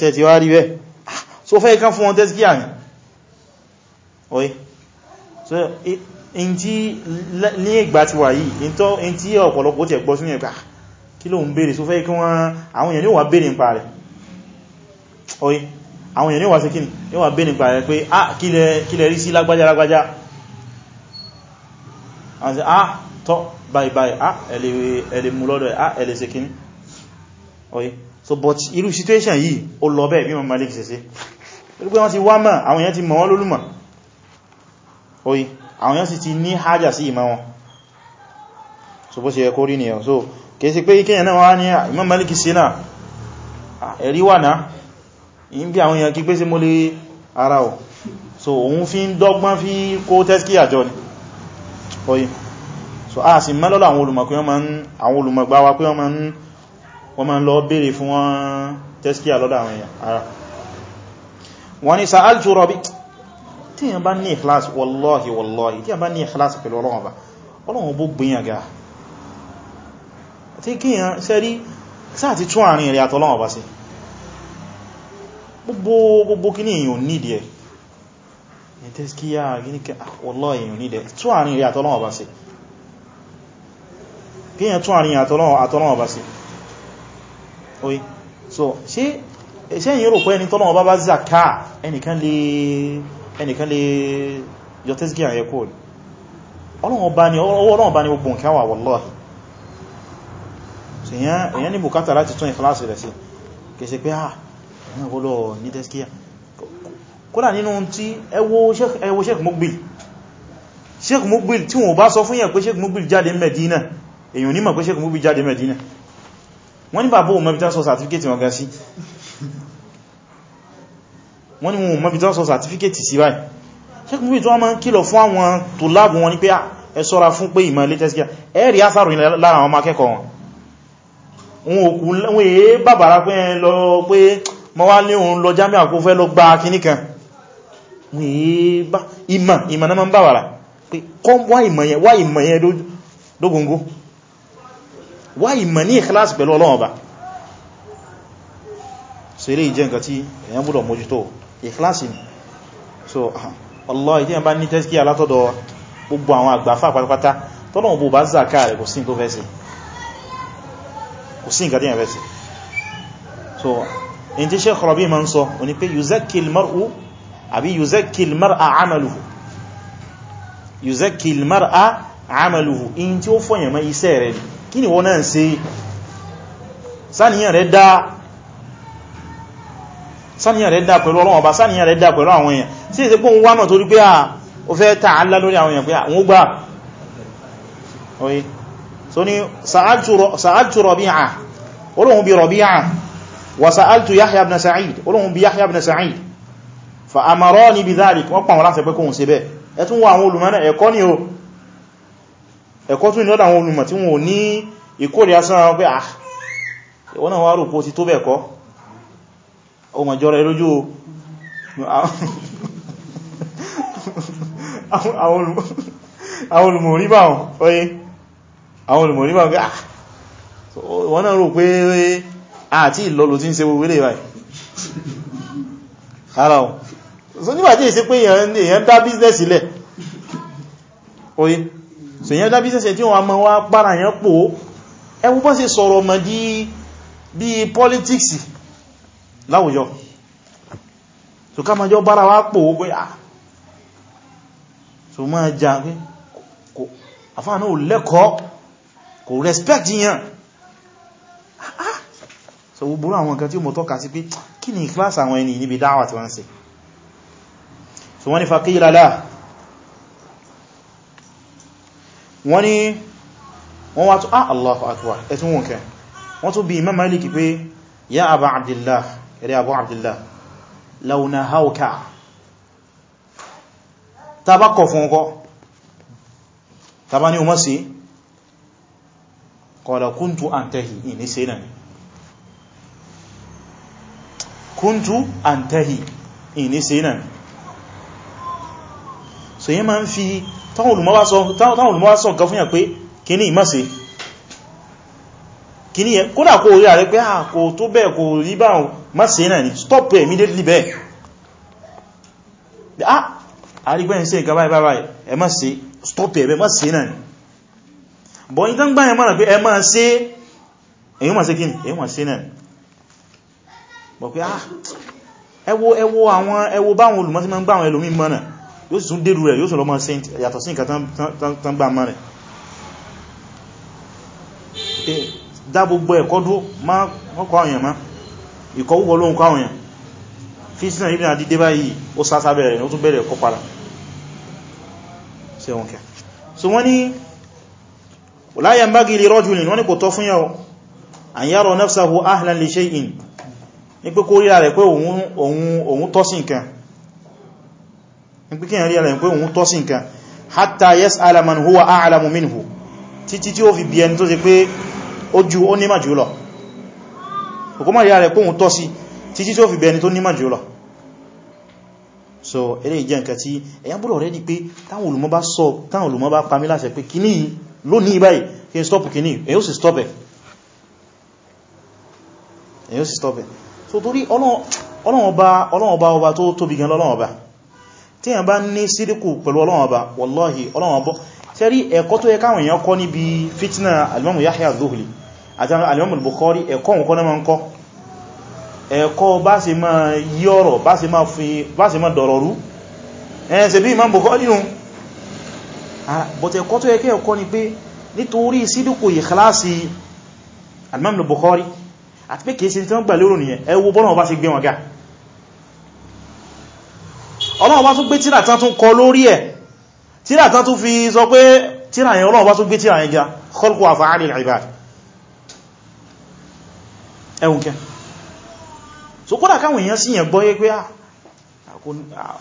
ẹ̀tẹ̀ wà rí bẹ́ ah, so fẹ́ ká fún wọn tẹ́sí kí àyàn oye so in tí ní ìgbà ti wà yìí in tí ọ̀pọ̀lọpọ̀ tẹ̀ gbọ́ ah, kí ló ń béèrè so fẹ́ kí àwọn èyàn ní wà béèrè ń pa rẹ̀ oye àwọn èèyàn ní wà sí kí ní wà bí nípa rẹ̀ pé ah kílẹ̀ rí sí lágbájá lágbájá àti a ah, tọ́ báyìí báyìí a ah, ẹ̀lẹ̀ mú lọ́dọ̀ a ah, ẹ̀lẹ̀ sí kí ní oye so but irú situation yìí ó lọ bẹ́ẹ̀ bí mọ̀ malik sì sí pé wọ́n ti wá mọ̀ àwọn èèyàn ti mọ̀ wọ́n lólùmọ̀ oye àwọn èèyàn sì ti ní hájà sí ìmọ̀ wọn so bó ṣe yẹ kó rí nìyẹn so kìí sí pé kíyàn náà wá ní ìmọ̀ malik sí náà ẹ̀rí wà náà in bí àwọn èèyàn kí pé sí lè ara ọ̀ so òun fi ń dọ́gbọ́n fi kó tẹ́síkì àjọ ni oye so a sì mẹ́ lọ́lọ́ àwọn olùmọ̀gbà wa pé wọ́n ma ń lọ bèèrè fún wọn tẹ́síkì àlọ́dọ̀ àwọn èèyàn ara wọ́n ni sa'altu Rabi' tí yẹn bá ní ikhlas wallahi wallahi tí yẹn bá ní ikhlas pẹ̀lú ọlọ́run ọba ọlọ́run bó gbìyàn ga tí kíyàn sẹ́rí sáà ti tún àárín rẹ̀ àtọ́lọ́run ọba sí gbogbo kí ní èyàn nídìí ẹ̀ ní tẹ́síkíyà gíníkẹ́ wọ́lọ́ èyàn nídìí ẹ̀ tún àrin rẹ̀ àtọ́lọ́wọ̀ bá sí kíyàn tún àrin àtọ́lọ́wọ̀ bá sí oye so ṣe èyàn rò pé ẹni tọ́lọ́wọ̀ bá bá zaka ẹnìkan lè ẹnìkan lè yọ tẹ́síkíyà yẹ kó ọlọ́wọ̀ bá ní gbogbo nǹkan wà wọ́lọ́ èyàn ní bùkátà láti tún ìfìlásì rẹ̀ sí kèsè pé ah náà kó lọ ní tẹ́síkíyà kódà nínú tí ẹwọ sheik mugbil sheik mugbil tí wọ́n bá sọ fún yẹn pé sheik mugbil jáde Medina èyàn onímọ̀ pé sheik mugbil jáde Medina wọ́n ní bàbá òun mẹ́bítà sọ sàtífíkẹ́tì wọn ga sí wọ́n ní wọn mẹ́bítà sọ sàtífíkẹ́tì sí báyìí sheik mugbil tó wọ́n máa ń kìlọ̀ fún àwọn tó láàbù wọn ni pé ah, ẹ ṣọ́ra fún pé ìmọ̀ èé bàbára pé lọ pé mọ́ wá ní òun lọ jámí àkó fẹ́ lọ gba kìní kan ìmọ̀ ìmọ̀ náà ma ń bà wàrà pé wá ìmọ̀ yẹn dógóngó wá ìmọ̀ ní ìkìláàsì pẹ̀lú Ọlọ́run Ọba so ilé ìjẹ́ nǹkan tí èyàn gbọ́dọ̀ mójútó ìkìláàsì ni so ah, Allah ìdí ẹ̀bá ní tẹ́síkí alátọ́dọ̀ gbogbo àwọn àgbàfà pátápátá tọ́lọ̀wọ̀n bó bá zàká rẹ̀ kò sí nǹkan tó fẹ́ sí kò sí nǹkan tí yẹn fẹ́ sí so in ti Sheikh Rabi ma ń sọ o ni pé yuzakil mar'u àbí yuzakil mar'a amaluhu yuzakil mar'a amaluhu in tí ó fọ́yàn ma iṣẹ́ rẹ̀ kí ni wọ́n náà ṣe sáníyàn rẹ̀ dá pẹ̀lú Ọlọ́run Ọba sáníyàn rẹ̀ dá pẹ̀lú àwọn èèyàn sí ìsẹ́ pé òun wá náà torí pé à ah, ó fẹ́ ta'alla lórí àwọn èèyàn pé àwọn ah, gbà oye وسألت يحيى بن سعيد قولهم بيحيى بن سعيد فأمراني بذلك وقعوا لا سيبكم سيبه ẹ̀tún wọ àwọn olùmọ̀ náà ẹ̀kọ́ ni o ẹ̀kọ́ tún ìlọ́dà àwọn olùmọ̀ tí wọ́n ò ní ìkórè asán ọgbẹ́ à ah, ìwọ́n náà wá rò pó ti tó bẹ̀ẹ̀kọ́ ohun àjọrẹ lójú àwọn àti ah, ìlọlù tí ń ṣe gbogbo ilé báyìí ara ọ̀ so nígbàtí èsì pé èyàn dá bíznẹ́sì lẹ̀ oye so èyàn dá bíznẹ́sì tí wọ́n a mọ́ wá para èyàn pò ẹwú bọ́ sí sọ̀rọ̀ mọ̀ dí bí politics láwùjọ so ká máa jọ bára wá pò ó pé ah so máa jà pé àfáà náà lẹ́kọ̀ọ́ kò respect yìnyàn so gbogbo àwọn nǹkan tí ó mọ̀ tọ́ka sí pé kí ni ìkíláàsì àwọn ẹni níbi dáwà tí wọ́n ṣe so wọ́n ni faqila la wọ́n ni wọ́n wá tó ah Allahu akbar ẹ̀tún wọn kẹ wọ́n tó bí Imam Malik pé ya Aba Abdillah ẹ̀rẹ́ Abu Abdillah law nahawka tàbá kọ̀ fún ọkọ́ tàbá qala kuntu antahi ìní sí kuntu antahi ini sinan so ya ma n fi taun olumowa so ga funya pe kini imase kini ye kuna ko ori are pe ko to be ko ri ba o ma se na ni stop immediately be ah ari pe n se ga bai bai bai e ma se stop e be ma se na ni bo yin tan gba yin ma na pe e ma se ma se kini eyin ma se na bọ̀ pé ah ẹwọ ẹwọ àwọn ẹwọ báwọn olùmọ́ sí ma ń gbà àwọn ẹlòmí mọ́nà yóò sì tún dèrú rẹ̀ yóò sì lọ́mọ́ yàtọ̀ sí nǹkan tán gbà mọ́ rẹ̀ dá gbogbo ẹ̀kọ́ dúó má kọ́ àwòyàn má ìkọ̀wúwọ́ ló ń kọ́ àwòyàn fíṣínà ìbìnà dídé báyìí ó sásá bẹ̀rẹ̀ ó tún bẹ̀rẹ̀ ẹ̀kọ́ padà sí ẹ̀wọ̀n kẹ so wọ́n ni la yanbaghi li rajulin wọ́n ni kò tọ́ fún yàwó an yara nafsahu ahlan li shay'in ní pé kó ríra rẹ̀ pé òun tọ́ sí nǹkan ní pé kíyàn ríra rẹ̀ pé òun tọ́ sí nǹkan hatta yes man huwa a'lamu minhu títí tí ó fi bí ẹni tó ṣe pé ojú ó nímà jù lọ òkúmọ̀ ríra rẹ̀ pé òun tọ́ sí títí tí ó fi bí ẹni tó nímà jù lọ so eré ìjẹ́ nǹkan tí ẹ̀yà búrọ̀ rẹ̀ di pé táwọn olùmọ́ bá sọ táwọn olùmọ́ bá pa mí láṣẹ pé kíní lónìí báyìí kí n stop kíní èyí ó sì stop ẹ̀ so torí Ọlọ́run ọba ọba tó tóbi gan lọ́lọ́run ọba tí yàn bá ní síríkù pẹ̀lú Ọlọ́run ọba wallahi Ọlọ́run ọba sẹ́rí ẹ̀kọ́ tó yẹ káwọn èèyàn kọ́ níbi fitna alimamu Yahya Dhuhli àti alimamu Bukhari ẹ̀kọ́ òun náà ń kọ́ ẹ̀kọ́ bá ṣe máa yí ọ̀rọ̀ bá ṣe máa dọ̀rọ̀ rú ẹ̀ ṣe bí Imam Bukhari alimamu Bukhari àti pé kìí ṣe tí wọ́n gbà lérò nìyẹn ẹ wo bọ́lọ̀ ọba ṣe gbé wọn ga ọlọ́run bá tún gbé tíra tán tún kọ lórí ẹ̀ tíra tán tún fi sọ pé tíra yẹn ọlọ́run bá tún gbé tíra yẹn ga khalqu af'alil ibad ẹwùn kẹ so kódà káwọn èèyàn sí yẹn gbọ́yé pé ah,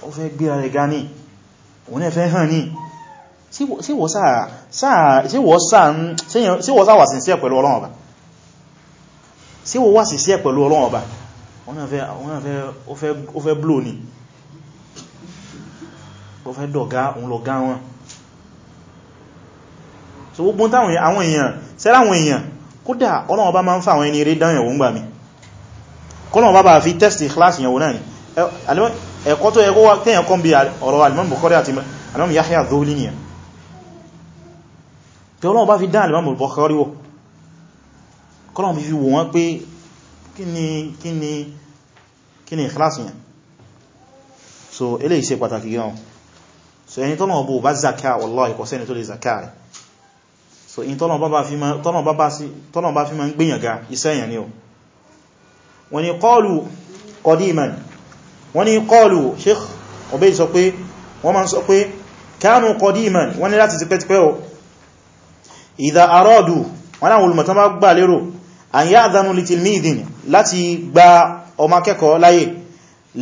ó fẹ́ gbéra rẹ̀ ga ní òun ẹ̀ fẹ́ hàn ní sí wọ́n sáà wà sí sí ẹ̀ pẹ̀lú ọlọ́run ọba sí wọ́n wà sí sí ẹ̀ pẹ̀lú ọlọ́wọ́ ọba wọ́n náà fẹ́ ó fẹ́ blow ni ó fẹ́ dọ̀gá òun lọ gá wọn so gbogbo táwọn àwọn èèyàn sẹ́rà àwọn èèyàn kódà ọlọ́wọ́ bá máa ń fà àwọn ẹni eré dáyàn wọ́n gbà mí kọ́lọ̀wọ́ bá bá fi tẹ́sì kíláàsì yẹ̀wò náà ni ẹ̀kọ́ tó ẹkọ́ tẹ́yàn kan bí kọ́lọ̀mù fi wò wọ́n pé kí ni ìkìláàsì yẹn so eléyìí ṣe pàtàkì gan so ẹni tọ́nà ọbọ̀ bá zaka wallahi kò sẹ́ni tó lè zaka rẹ̀ so in tọ́nà bá fi ma ń gbìyànga iṣẹ́ èyàn ni o wọ́n ni qalu qadiman wọ́n ni qalu sheikh Ubayd sọ pé wọ́n ma ń sọ pé kanu qadiman wọ́n láwọn olùmọ̀tán bá gbà lérò an yá àdánú li tilmidin láti gba ọmọ akẹ́kọ̀ọ́ láyé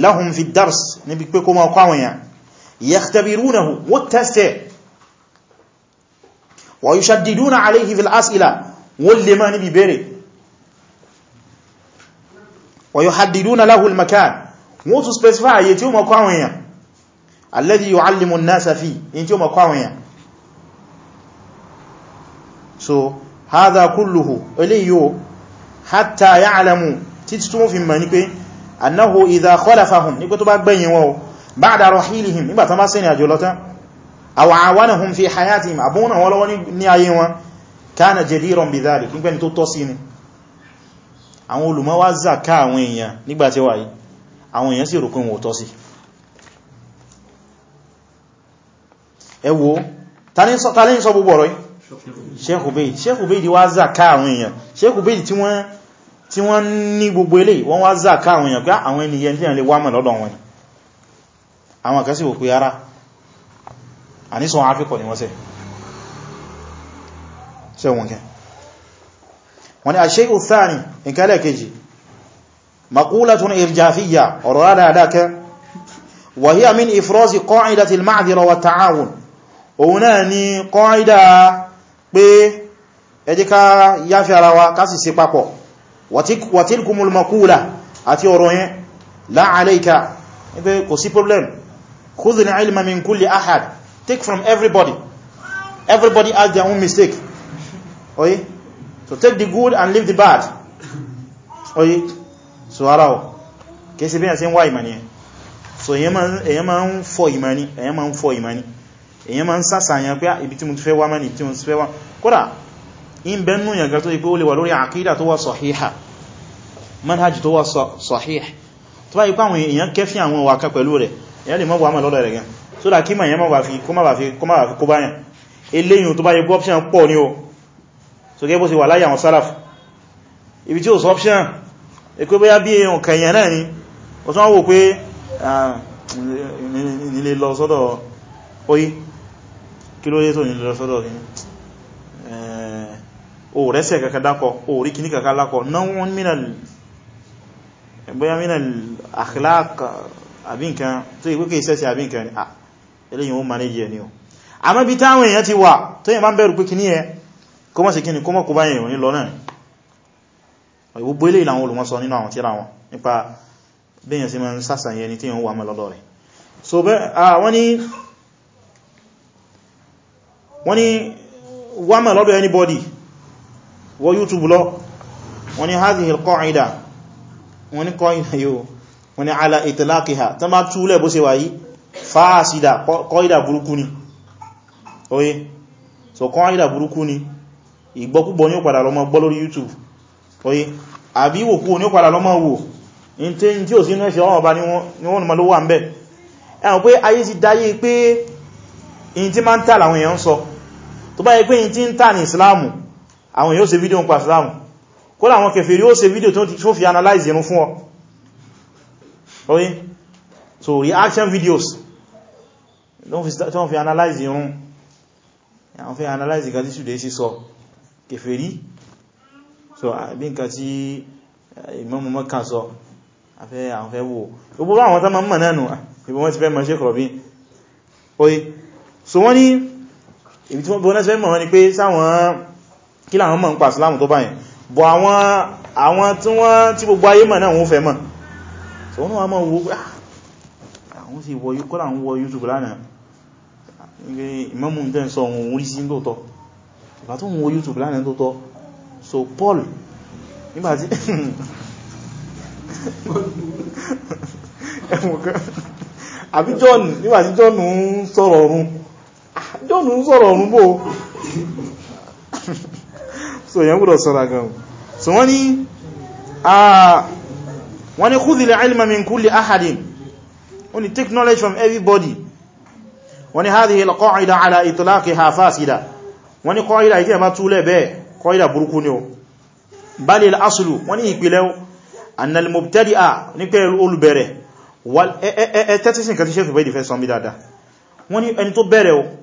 láhùn fi dars níbi pé kó ma kọ́ àwọn èèyàn yakhtabirunahu wó tẹ́sẹ̀ wa yí yushaddiduna alayhi fil as'ila wọ́n lè máa níbi bẹ̀rẹ̀ wa yí yuhaddiduna lahu láhùl makan wọ́n tún specify hatta ya'lamu títí tó fi mọ̀ ní pé annahu idha khalafahum ní pé tó bá gbẹ̀yìn wọn ba'da rahilihim nígbà tán bá sẹ́ni àjò lọ́tán aw awanahum fi hayatihim àbúnà wọn lọ́wọ́ ní ayé wọn kana jadiran bi dhalik nígbẹ́ni tó tọ́ sí ni àwọn olùmọ̀ wá zaka àwọn èèyàn nígbà tí wáyé àwọn èèyàn sì rùkún wò tọ́ sí ẹwò ta sọ gbogbo ọ̀rọ̀ yìí Sheikh Ubaid Sheikh Ubaid wá zaka àwọn èèyàn Sheikh Ubaid tí wọ́n tí wọ́n ní gbogbo eléyìí wọ́n wá zaka àwọn èèyàn pé ah, àwọn ènìyàn tí wọ́n lè wá mọ̀ lọ́dọ̀ wọn ni àwọn kan sì wò pé ara àníṣọ́ wọn afẹ́kọ̀ ni wọ́n sẹ́ ṣe wọn kẹ wọ́n ni al-shay' pé ẹjẹ́ ká yáfẹ́ ara wa ká sì sí papọ̀ wàtílkùmul makúlà àti ọ̀rọ̀ yẹn la alayka nígbé kò sí problem khudhil ilma min kulli ahad take from everybody everybody has their own mistake oye so take the good and leave the bad oye so ara o kẹsì bí i àti wá ìmàní ẹ̀ so èyàn ma ń fọ ìmàní èyàn ma ń sàṣàyàn pé ibi tí mo ti fẹ́ wá mẹ́ni tí mo ti fẹ́ wá kódà in bẹnu yàgá tó ipé ó lè wà lórí àkídà tó wà sọ̀híhà manhaj tó wà sọ̀híhà tó bá ipá àwọn èyàn kẹfí àwọn wàká pẹ̀lú rẹ̀ èyàn lè mọ́wàá lọ́dọ̀ rẹ̀ gan so dá kí ma èyàn fi option pọ̀ ní o so gẹ́gbó ti wà láyé option ẹkọ́ bóyá bí èyàn ni ó tún wọ́n wò oyi kí ló dé tó ní lọ sọ́dọ̀ yìí o rẹ́sẹ̀ kaka dákọ̀ o rí kìní kaka lákọ̀ náwọn mínal ẹgbẹ́yà mínal akhlaq àbínkan tó yí pé sẹ́sẹ̀ àbínkan ni à eléyìn ó manage ẹ̀ ni o àmọ́ bí táwọn èèyàn ti wà tó yẹ ma ń bẹ̀rù pé kìní ẹ kó mọ́ sí kìní kó mọ́ kó bá èèyàn ní lọ náà gbogbo ilé ìlànà olùmọ́sọ nínú àwọn tíra so bẹ́ àwọn ni wọ́n ni wọ́n mẹ́ lọ́dọ̀ anybody wọ́n youtube lọ wọ́n ni hadhihi al-qa'ida wọ́n ni qa'ida yóò wọ́n ni ala itlaqiha tán bá túlẹ̀ bó ṣe wà yí fásídà qa'ida burúkú ni oye so qa'ida burúkú ni ìgbọ́kúgbọ́ ní ó padà gbọ́ lórí youtube oye àbí in tó bá yẹ pé yìí tí ń tà ní islamu àwọn yóò ṣe fídíò ń pa islamu kódà àwọn kèfèrí ó ṣe fídíò tó fi analyze irun fún ọ oye so reaction videos tó fi analyze irun àwọn fi analyze ìgbà tí ṣùdẹ̀ sí sọ kèfèrí so bí nǹkan tí Imam eh, Makka sọ afẹ́ àwọn fẹ́ wò gbogbo àwọn tó ma mọ̀ náà nù ìbí wọ́n ti fẹ́ mọ̀ ṣe kọ̀rọ̀bí oye so wọ́n ni ibi tí wọ́n bọ́nẹ́ sẹ́mọ̀ wọn ni pé sáwọn kí láwọn mọ̀ ń pa Islam tó báyìí bọ̀ àwọn tí wọ́n tí gbogbo ayé mọ̀ náà wọ́n fẹ́ mọ̀ so wọ́n wọ́n mọ̀ wo ah, àwọn sì wọ yíkọ́ láwọn wọ YouTube lánàá ìmọ́mù ń tẹ́ sọ ohun orí sí lóòtọ́ ìgbà tó àbí John nígbàtí John ń sọ̀rọ̀ ọ̀run John ń sọ̀rọ̀ ọ̀run bó so yẹn gbọ́dọ̀ sọ́ra gan so wọ́n ni wọ́n ni khudhil ilma min kulli ahadin wọ́n ni take knowledge from everybody wọ́n ni hadhihi al-qa'ida ala itlaqiha fasida wọ́n ni qa'ida ìtẹ́ ma túlẹ̀ bẹ́ẹ̀ qa'ida burúkú ni o bali al-aslu wọ́n ni ìpìlẹ̀ anna al-mubtadi'a ní pé olùbẹ̀rẹ̀ wọ́n ni ẹni tó bẹ̀rẹ̀ o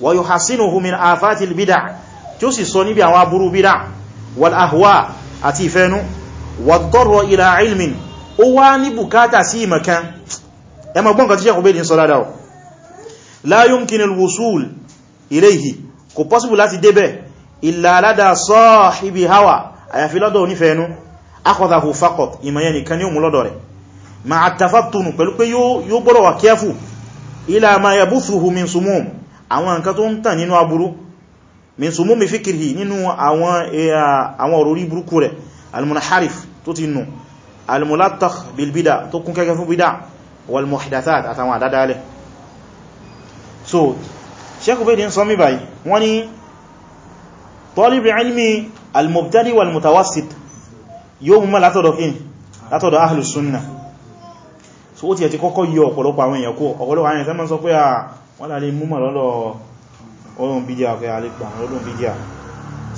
wa yuhasinuhu min afati al-bid'a tí ó sì sọ níbi àwọn aburú bid'a wal ahwa àti ìfẹ́nu wa dharra ila ilmin ó wá ní bùkátà sí ìmọ̀kan ẹ ma gbọ́nkan tí ṣe kùbé ní sọ dáadáa la yumkin al-wusul ilayhi kò possible láti débẹ̀ illa lada sahibi hawa àyàfi lọ́dọ̀ onífẹ́nu akhadahu pẹ̀lú pé yóò gbọ́rọ̀ wà kẹ́fù ila ma yabuthuhu min sumum àwọn nǹkan tó ń tàn nínú aburú min sumumi fikirhi nínú àwọn e, àwọn òròrí burúkú rẹ̀ almunharif tó ti nù almulatakh bilbida tó kún kẹ́kẹ́ fún bida wal muhdathat àtàwọn àdádálẹ̀ so sheikh ubedi ń sọ mí báyìí wọ́n ni talib ilmi almubtadi wal mutawassit yóò mú mọ́ látọ̀dọ̀ kí látọ̀dọ̀ wọ́n lálé múmọ̀ lọ́lọ́ ọlọ́run bídíà ọ̀kẹ́ àlépà ọlọ́run bídíà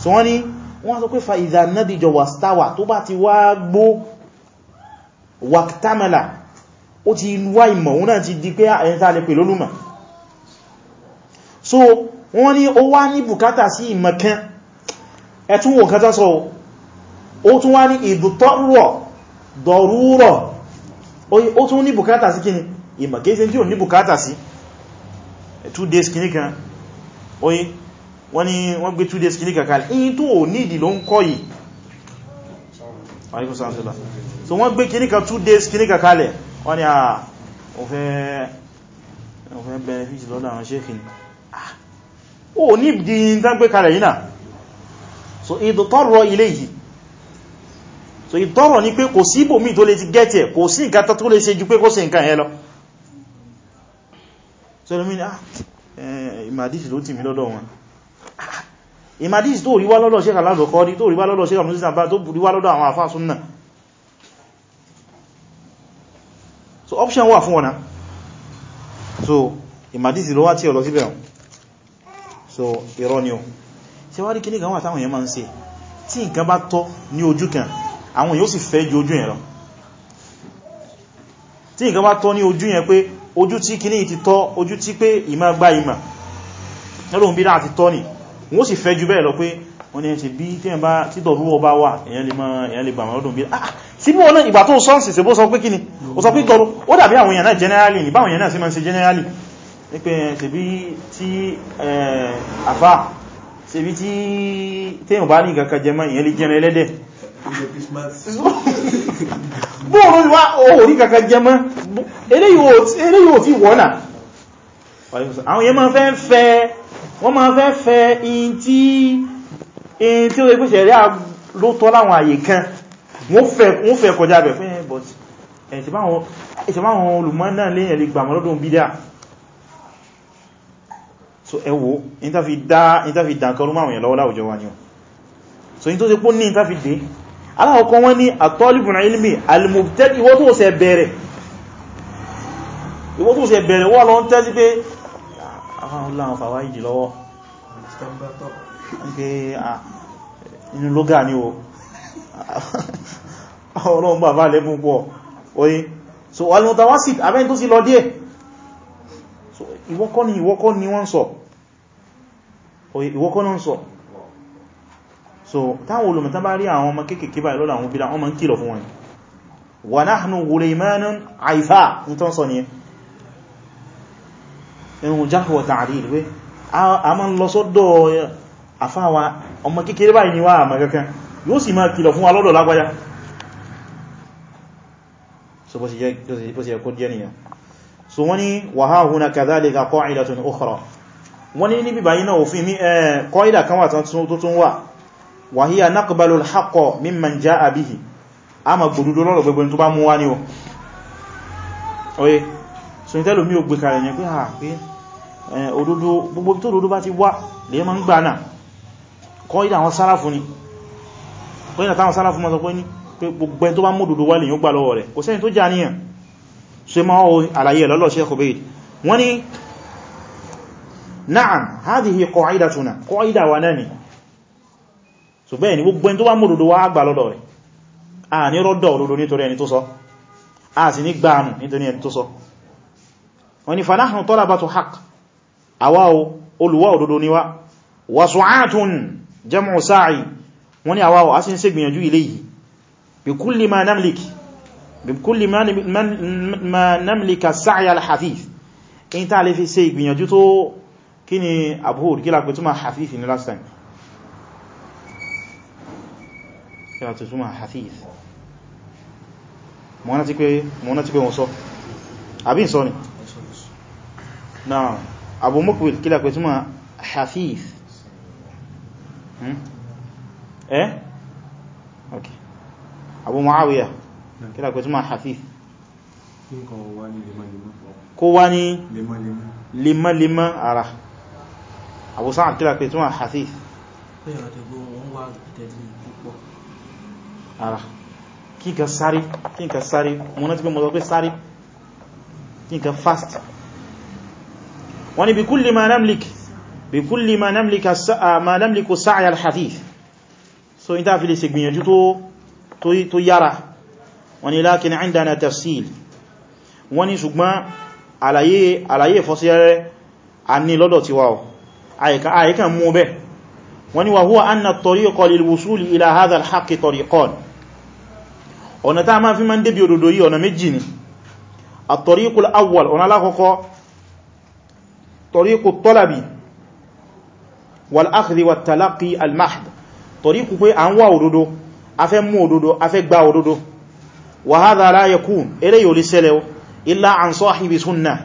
so wọ́n ni wọ́n sọ pé fa ìdánádìjọ wàstáwà tó bá ti wá gbó wàktámẹ́là ó ti wá ìmọ̀ òun náà ti di pé ẹ̀yẹta lè pè lólùmọ̀ so wọ́n ni ó wá ní bùkátà sí ìmọ̀kan ẹ̀tún wò kátà sọ ó tún wá ní ìdútọ́rọ̀ dọ̀rúrọ̀ ó tún ní bùkátà sí kíni ìmọ̀ kéèsẹ́ tí ò ní bùkátà sí si two days kìní kan oye wọ́n ni wọ́n gbé two days kìní kan kalẹ̀ in tó ò nídì ló ń kọ́ yìí so wọ́n gbé kìní kan two days kìní kan kalẹ̀ wọ́n ni àà òfẹ́ benefit lọ́dọ̀ àwọn ṣéfì ni ó nídì tán gbé kalẹ̀ yìí náà so ìdọ̀tọ̀rọ̀ ilé yìí so ìtọ́rọ̀ ni pé kò sí ibòmí tó lè ti gẹ́tẹ̀ kò sí nǹkan tó lè ṣe ju pé kó ṣe sọ́lọ́mí ní ah, eh, ìmàdísì ló tì mí lọ́dọ̀ wọn ìmàdísì tó ríwá lọ́dọ̀ Sheikh Al-Bukhari tó ríwá lọ́dọ̀ Sheikh Al-Albani bá tó ríwá lọ́dọ̀ àwọn àfáà súnnà so option wà fún ọ̀nà so ìmàdísì ló wá tí ọ̀lọ́ síbẹ̀ so irọ́ ni o ṣe wá rí kí ní kan wà táwọn èèyàn máa ń ṣe tí nǹkan bá tọ́ ní ojú kan àwọn èèyàn ó sì fẹ́ ju ojú yẹn lọ tí nǹkan bá tọ́ ní ojú yẹn pé ojú tí kìíní ti tọ́ ojú tí pé ìmá gbá ìmá lọ́lọ́hun bídá àti tọ́ ni wọ́n sì fẹ́ jù bẹ́ẹ̀ lọ pé wọ́n ni ẹ̀ ṣe bí títọ̀ rú ọba wà èyàn lè gbàmọ̀ lọ́dún bí ah sí bí ọ̀nà ìgbà tó sọ́n sì sẹ́bó sọ pé kíni ó sọ pé tọrọ ó dàbí àwọn èèyàn náà generally ní báwọn èèyàn náà sí máa ń ṣe generally ní pé ṣe bí tí àfá ṣe bí tí téèyàn bá ní ìkàkà jẹmọ́ èèyàn lè jẹrẹ ẹlẹ́dẹ̀ bóòrùn wá orí kankan jẹ mọ́ eléyìí ò tí wọ́nà àwọn yẹn máa fẹ́ fẹ́ wọ́n máa fẹ́ fẹ́ in tí ó lè pèsè rí àlótọ́ láwọn àyè kan wọ́n fẹ́ kọjá bẹ̀ fún ẹ̀sìbáwọn olùmọ́ náà léyìn lè gbàmọ́ lọ́dún bídá so ẹwọ́ ìntàfi dá ìntàfi dá kan rúmáwọn yẹn lọ́wọ́ láwùjọ wa ni ọ so in tó ṣe pó ní alákọ̀ọ́kọ́ wọ́n ní àtọ́lìbùn ilmi almubtadi ìwọ tó ṣe bẹ̀rẹ̀ ìwọ tó ṣe bẹ̀rẹ̀ wọ́n lọ ń tẹ́sí pé ah, àwọn ọlọ́run fàwá ìjì lọ́wọ́ pé ah, inú lóga ní o ọlọ́run bàbá lẹ́bùn pọ̀ oye so almutawasit abẹ́ tó sì lọ díẹ̀ ìwọ kọ́ ni ìwọ kọ́ ni wọ́n sọ so táwọn olùmọ̀tán bá rí àwọn ọmọ kéèkèé báyìí lọ́la àwọn bídá wọ́n máa ń kìlọ̀ fún wọn wa nahnu ghulaimanun aifa ní tán sọ nìyẹn ẹ̀hùn jarh wa ta'dil a máa ń lọ sọ́dọ̀ àfáwa ọmọ kéèkèé báyìí ni wá àmà kankan yóò sì máa kìlọ̀ fún wa lọ́dọ̀ so bó sì yẹ kó díẹ̀ nìyẹn so wọ́n ni wa ni níbi báyìí náà mi kọ́ eh, ìdà kan wà tó tún wa hiya naqbalu al-haqqa mimman jaa bihi a ma gbòdúdó lọ́rọ̀ gbogbo tó bá mú wá ní ọ oye so ní tẹ́lò mí ò gbé kalẹ̀ yẹn pé ha ah, pé eh, òdodo gbogbo tó òdodo bá ti wá lè ma ń gbà náà kọ́ ìdá àwọn sáráfù ni kọ́ ìdá táwọn sáráfù mọ́ sọ ṣùgbọ́n ẹni gbogbo ẹni tó wá mòdòdó wá àgbà lọ́dọ̀ rẹ̀ a ní rọ́dọ̀ olódó nítorí ẹni tó sọ a sì ní gbàánù nítorí ẹni tó sọ wọ́n ni fanahun talabatu haqq àwa o olùwá òdodo ni wá wa su'atun jam'u sa'i wọ́n ni àwa o a sì ń ṣe gbìyànjú ilé tó kí ni abhur kí lápẹ̀ tó ma hafif kí a ti túnmà hadith mọ́ náà ti pé wọ́n sọ àbí ìsọ́ ni náà Abu Muqbil kí lápẹ̀ túnmà hadith hmm? eh ok Abu Muawiya kí lápẹ̀ túnmà hadith kó wá ní lemọ́lemọ́ ara Abu Sa'ad kí lápẹ̀ túnmà hadith ara kí nǹkan sáré kí nǹkan sáré mo rántí pé mo sọ pé sáré kí nǹkan fast wọ́n ni bí kulli ma namlik bí kulli ma namliku sa'ya al-hadith so in ta fi lè ṣe gbìyànjú tó yára wọ́n ni lakin indana tafsil wọ́n ni ṣùgbọ́n àlàyé ìfọ́síẹ́rẹ́ a ní lọ́dọ̀ tiwa o àyíká mú bẹ́ wọ́n ni wa huwa anna at-tariqa lil-wusul ila hadha al-haqqi tariqan ọ̀nà tá a máa fi máa ń débi òdodo yìí ọ̀nà méjì ni at-tariqul awwal ọ̀nà alákọ̀ọ́kọ́ tariqut talabi wal akhdhi wat talaqqi al mahd tariqu pé à ń wá òdodo a fẹ́ mú òdodo a fẹ́ gba òdodo wa hadha la yakun eléyìí ò lè ṣẹlẹ̀ o illa an sahibi sunnah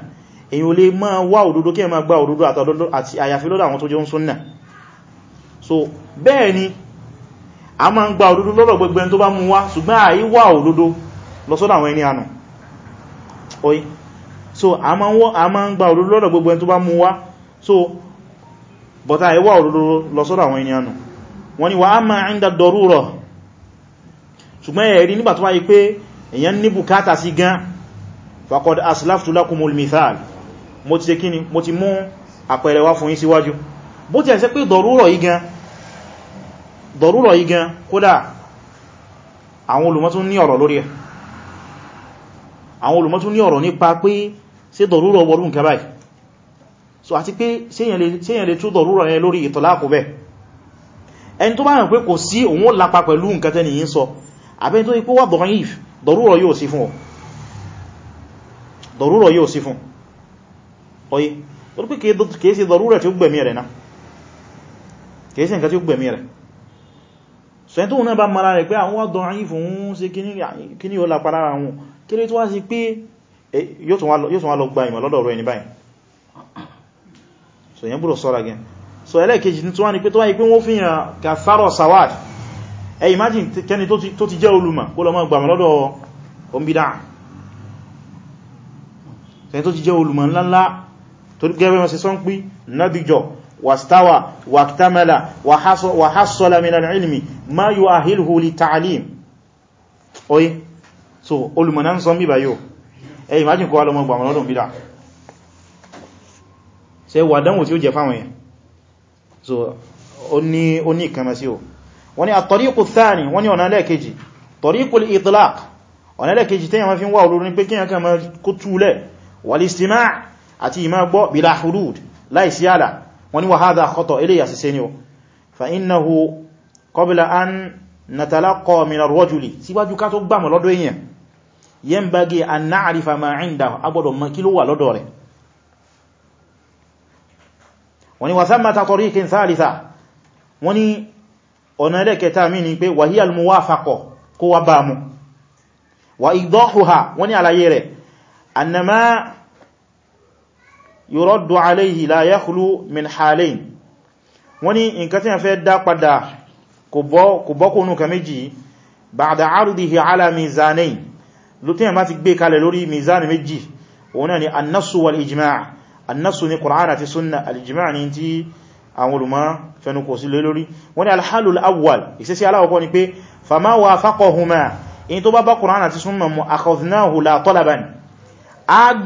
èyí ò lè máa wá òdodo kí ẹ máa gba òdodo àti àyàfi àwọn tó jẹ́ ń so bẹ́ẹ̀ ni a máa ń gba òdodo lọ́rọ̀ gbogbo ẹni tó bá mú wá ṣùgbọ́n àyí wà òdodo lọ́sọ́dọ̀ àwọn ẹni ànà oye so a máa ń gba òdodo lọ́rọ̀ gbogbo ẹni tó bá mú wá so bọ̀tá àyí wà òdodo lọ́sọ́dọ̀ àwọn ẹni ànà wọ́n ni wà á máa ń da dọrúrọ̀ ṣùgbọ́n ẹ̀rí nígbà tó wáyé pé èyàn ní bùkátà sí gan faqad aslaftu lakumul mithal mo ti ṣe kíni mo ti mú àpẹẹrẹ wá fún yín síwájú bó ti ẹ̀ sẹ́ pé dọrúrọ̀ yìí gan dọ̀rúrọ̀ yìí gan kódà àwọn olùmọ̀ tún ní ọ̀rọ̀ lórí ẹ̀ àwọn olùmọ̀ tún ní ọ̀rọ̀ nípa pé ṣé dọ̀rúrọ̀ wọlú nǹkan báyìí so àti pé ṣéyàn lè tú dọ̀rúrọ̀ yẹn lórí ìtọ̀láàkù bẹ́ẹ̀ ẹni tó bá hàn pé kò sí òun ó lapa pẹ̀lú nǹkan tẹ́ni yìí sọ àbẹ́ tó ipò wà nǹkan tí ó gbẹ̀mí rẹ̀ so ẹni tó náà bá mara rẹ̀ pé àwọn wá dọ̀rin fún sí kíní yóò lápá lára wọn kí lè tó wá sí pé yóò tún wá lọ gba ìmọ̀ lọ́dọ̀ rẹ̀ ní báyìí so yẹn búrò sọ́ra so ẹlẹ́ẹ̀kejì ní tó wá ní pé tó wá ní imagine kẹni tó ti jẹ́ olùmọ̀ kó lọ mọ́ gbàmọ̀ lọ́dọ̀ ombida kẹni tó ti jẹ́ olùmọ̀ ńláńlá torí gẹ́gẹ́ bí واستوى واكتمل وحصل من العلم ما يؤهله للتعليم oye so olùmọ̀ná ń sọ mí báyò ẹ imagine kọ́ alọ́mọ gbàmọ̀ lọ́dún bídá ṣe wà dánwò tí ó jẹ fáwọn yẹn so ó ní ìkànmẹ́ sí o wọ́n ni àtọ̀ríkù thani wọ́n ni ọ̀nà lẹ́ẹ̀kejì tọ̀ríkù itlaq ọ̀nà lẹ́ẹ̀kejì tẹ́yàn fi ń wà olórin pé kíyàn kan mọ́ kó túlẹ̀ wal istima' àti ìmá gbọ́ bila hudud láìsí àlà wọ́n ní wa hadha khata' ilé àṣìṣẹ́ ni ó fa innahu qabla an natalaqqa min ar-rajuli síwájú ká tó gbàmọ̀ lọ́dọ̀ èèyàn yanbaghi an na'rifa ma 'indahu agbọ́dọ̀ mọ̀ kí ló wà lọ́dọ̀ rẹ̀ wọ́n ni pé wa hiya al-muwafaqah kó wá wọ́n ní àlàyé yuraddu alayhi la yakhlu min halayn wọ́n ní nǹkan tí a fẹ́ dá padà kò bọ́kùnù ka méjì ba'da ardihi ala mizanayn ló tí a má ti gbé kalẹ̀ lórí mizani méjì òun náà ni annasu wal ijma' annasu ni qur'an àti sunna al-ijma' ni tí àwọn olùmọ́ fẹnukò sí lórí wọ́n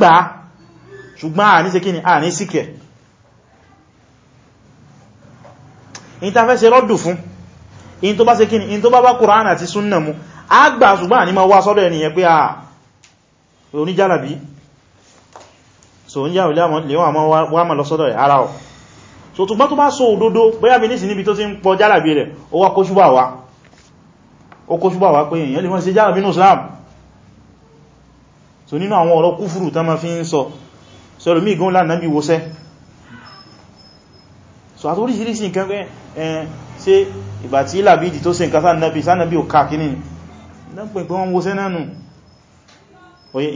a ṣùgbọ́n a ní ṣe ni a ní síkẹ̀ in ta fẹ́ ṣe rọ́dù fún in tó bá ṣe kí ni in tó bá bá Kùránì àti súnnà mu a gbà ṣùgbọ́n a ní ma wá sọ́dọ̀ ẹniyàn pé a oníjálàbí so ń yàwó léwọ́n ma wá ma so tó bá tó bá so òdodo bóyá bí nísì níbi tó ti ń pọ jálàbí rẹ̀ ó wá kó ṣúbà wá Islam so nínú àwọn ọ̀rọ̀ kúfùrù tán ma fi ń sọ so ẹlòmí igun láà náà bí wọ́sẹ́ so àti oríṣìíríṣìí nǹkan pé ẹn ṣe ìgbà tí làbídì tó ṣe nǹkan sánàbí sánàbí ò ká kìíní lọ́pẹ̀ pé wọ́n wọ́sẹ́ náà nù oye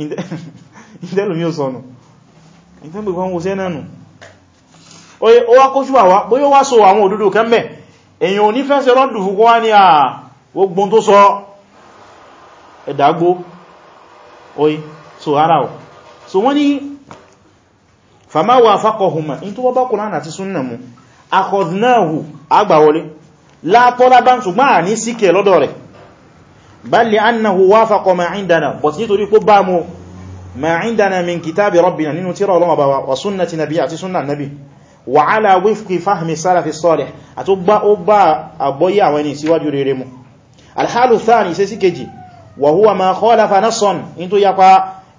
ìdẹ́lòmí ò sọ̀nù ìdẹ́lòmí wọ́n oye ó wá kóṣù àwá bóyó wá so àwọn òdúdó kẹ́mẹ̀ èyàn onífẹ́sẹ̀ rọ́dù fúkọ́ wá oye so ara wọ́n ni fama wa faqahuma in tó bá bá Qur'an àti súnnà mu akhadnahu agbàwọlé la talaban ṣùgbọ́n à ní síkẹ̀ lọ́dọ̀ rẹ̀ bal li annahu wafaqa ma indana but nítorí kó bá mú ma indana min kitabi rabbina nínú tírà Ọlọ́run Ọba wa sunnati nabi àti sunna nabi wa ala wifqi fahmi salafi salih àti ó bá àgbọ́yé àwọn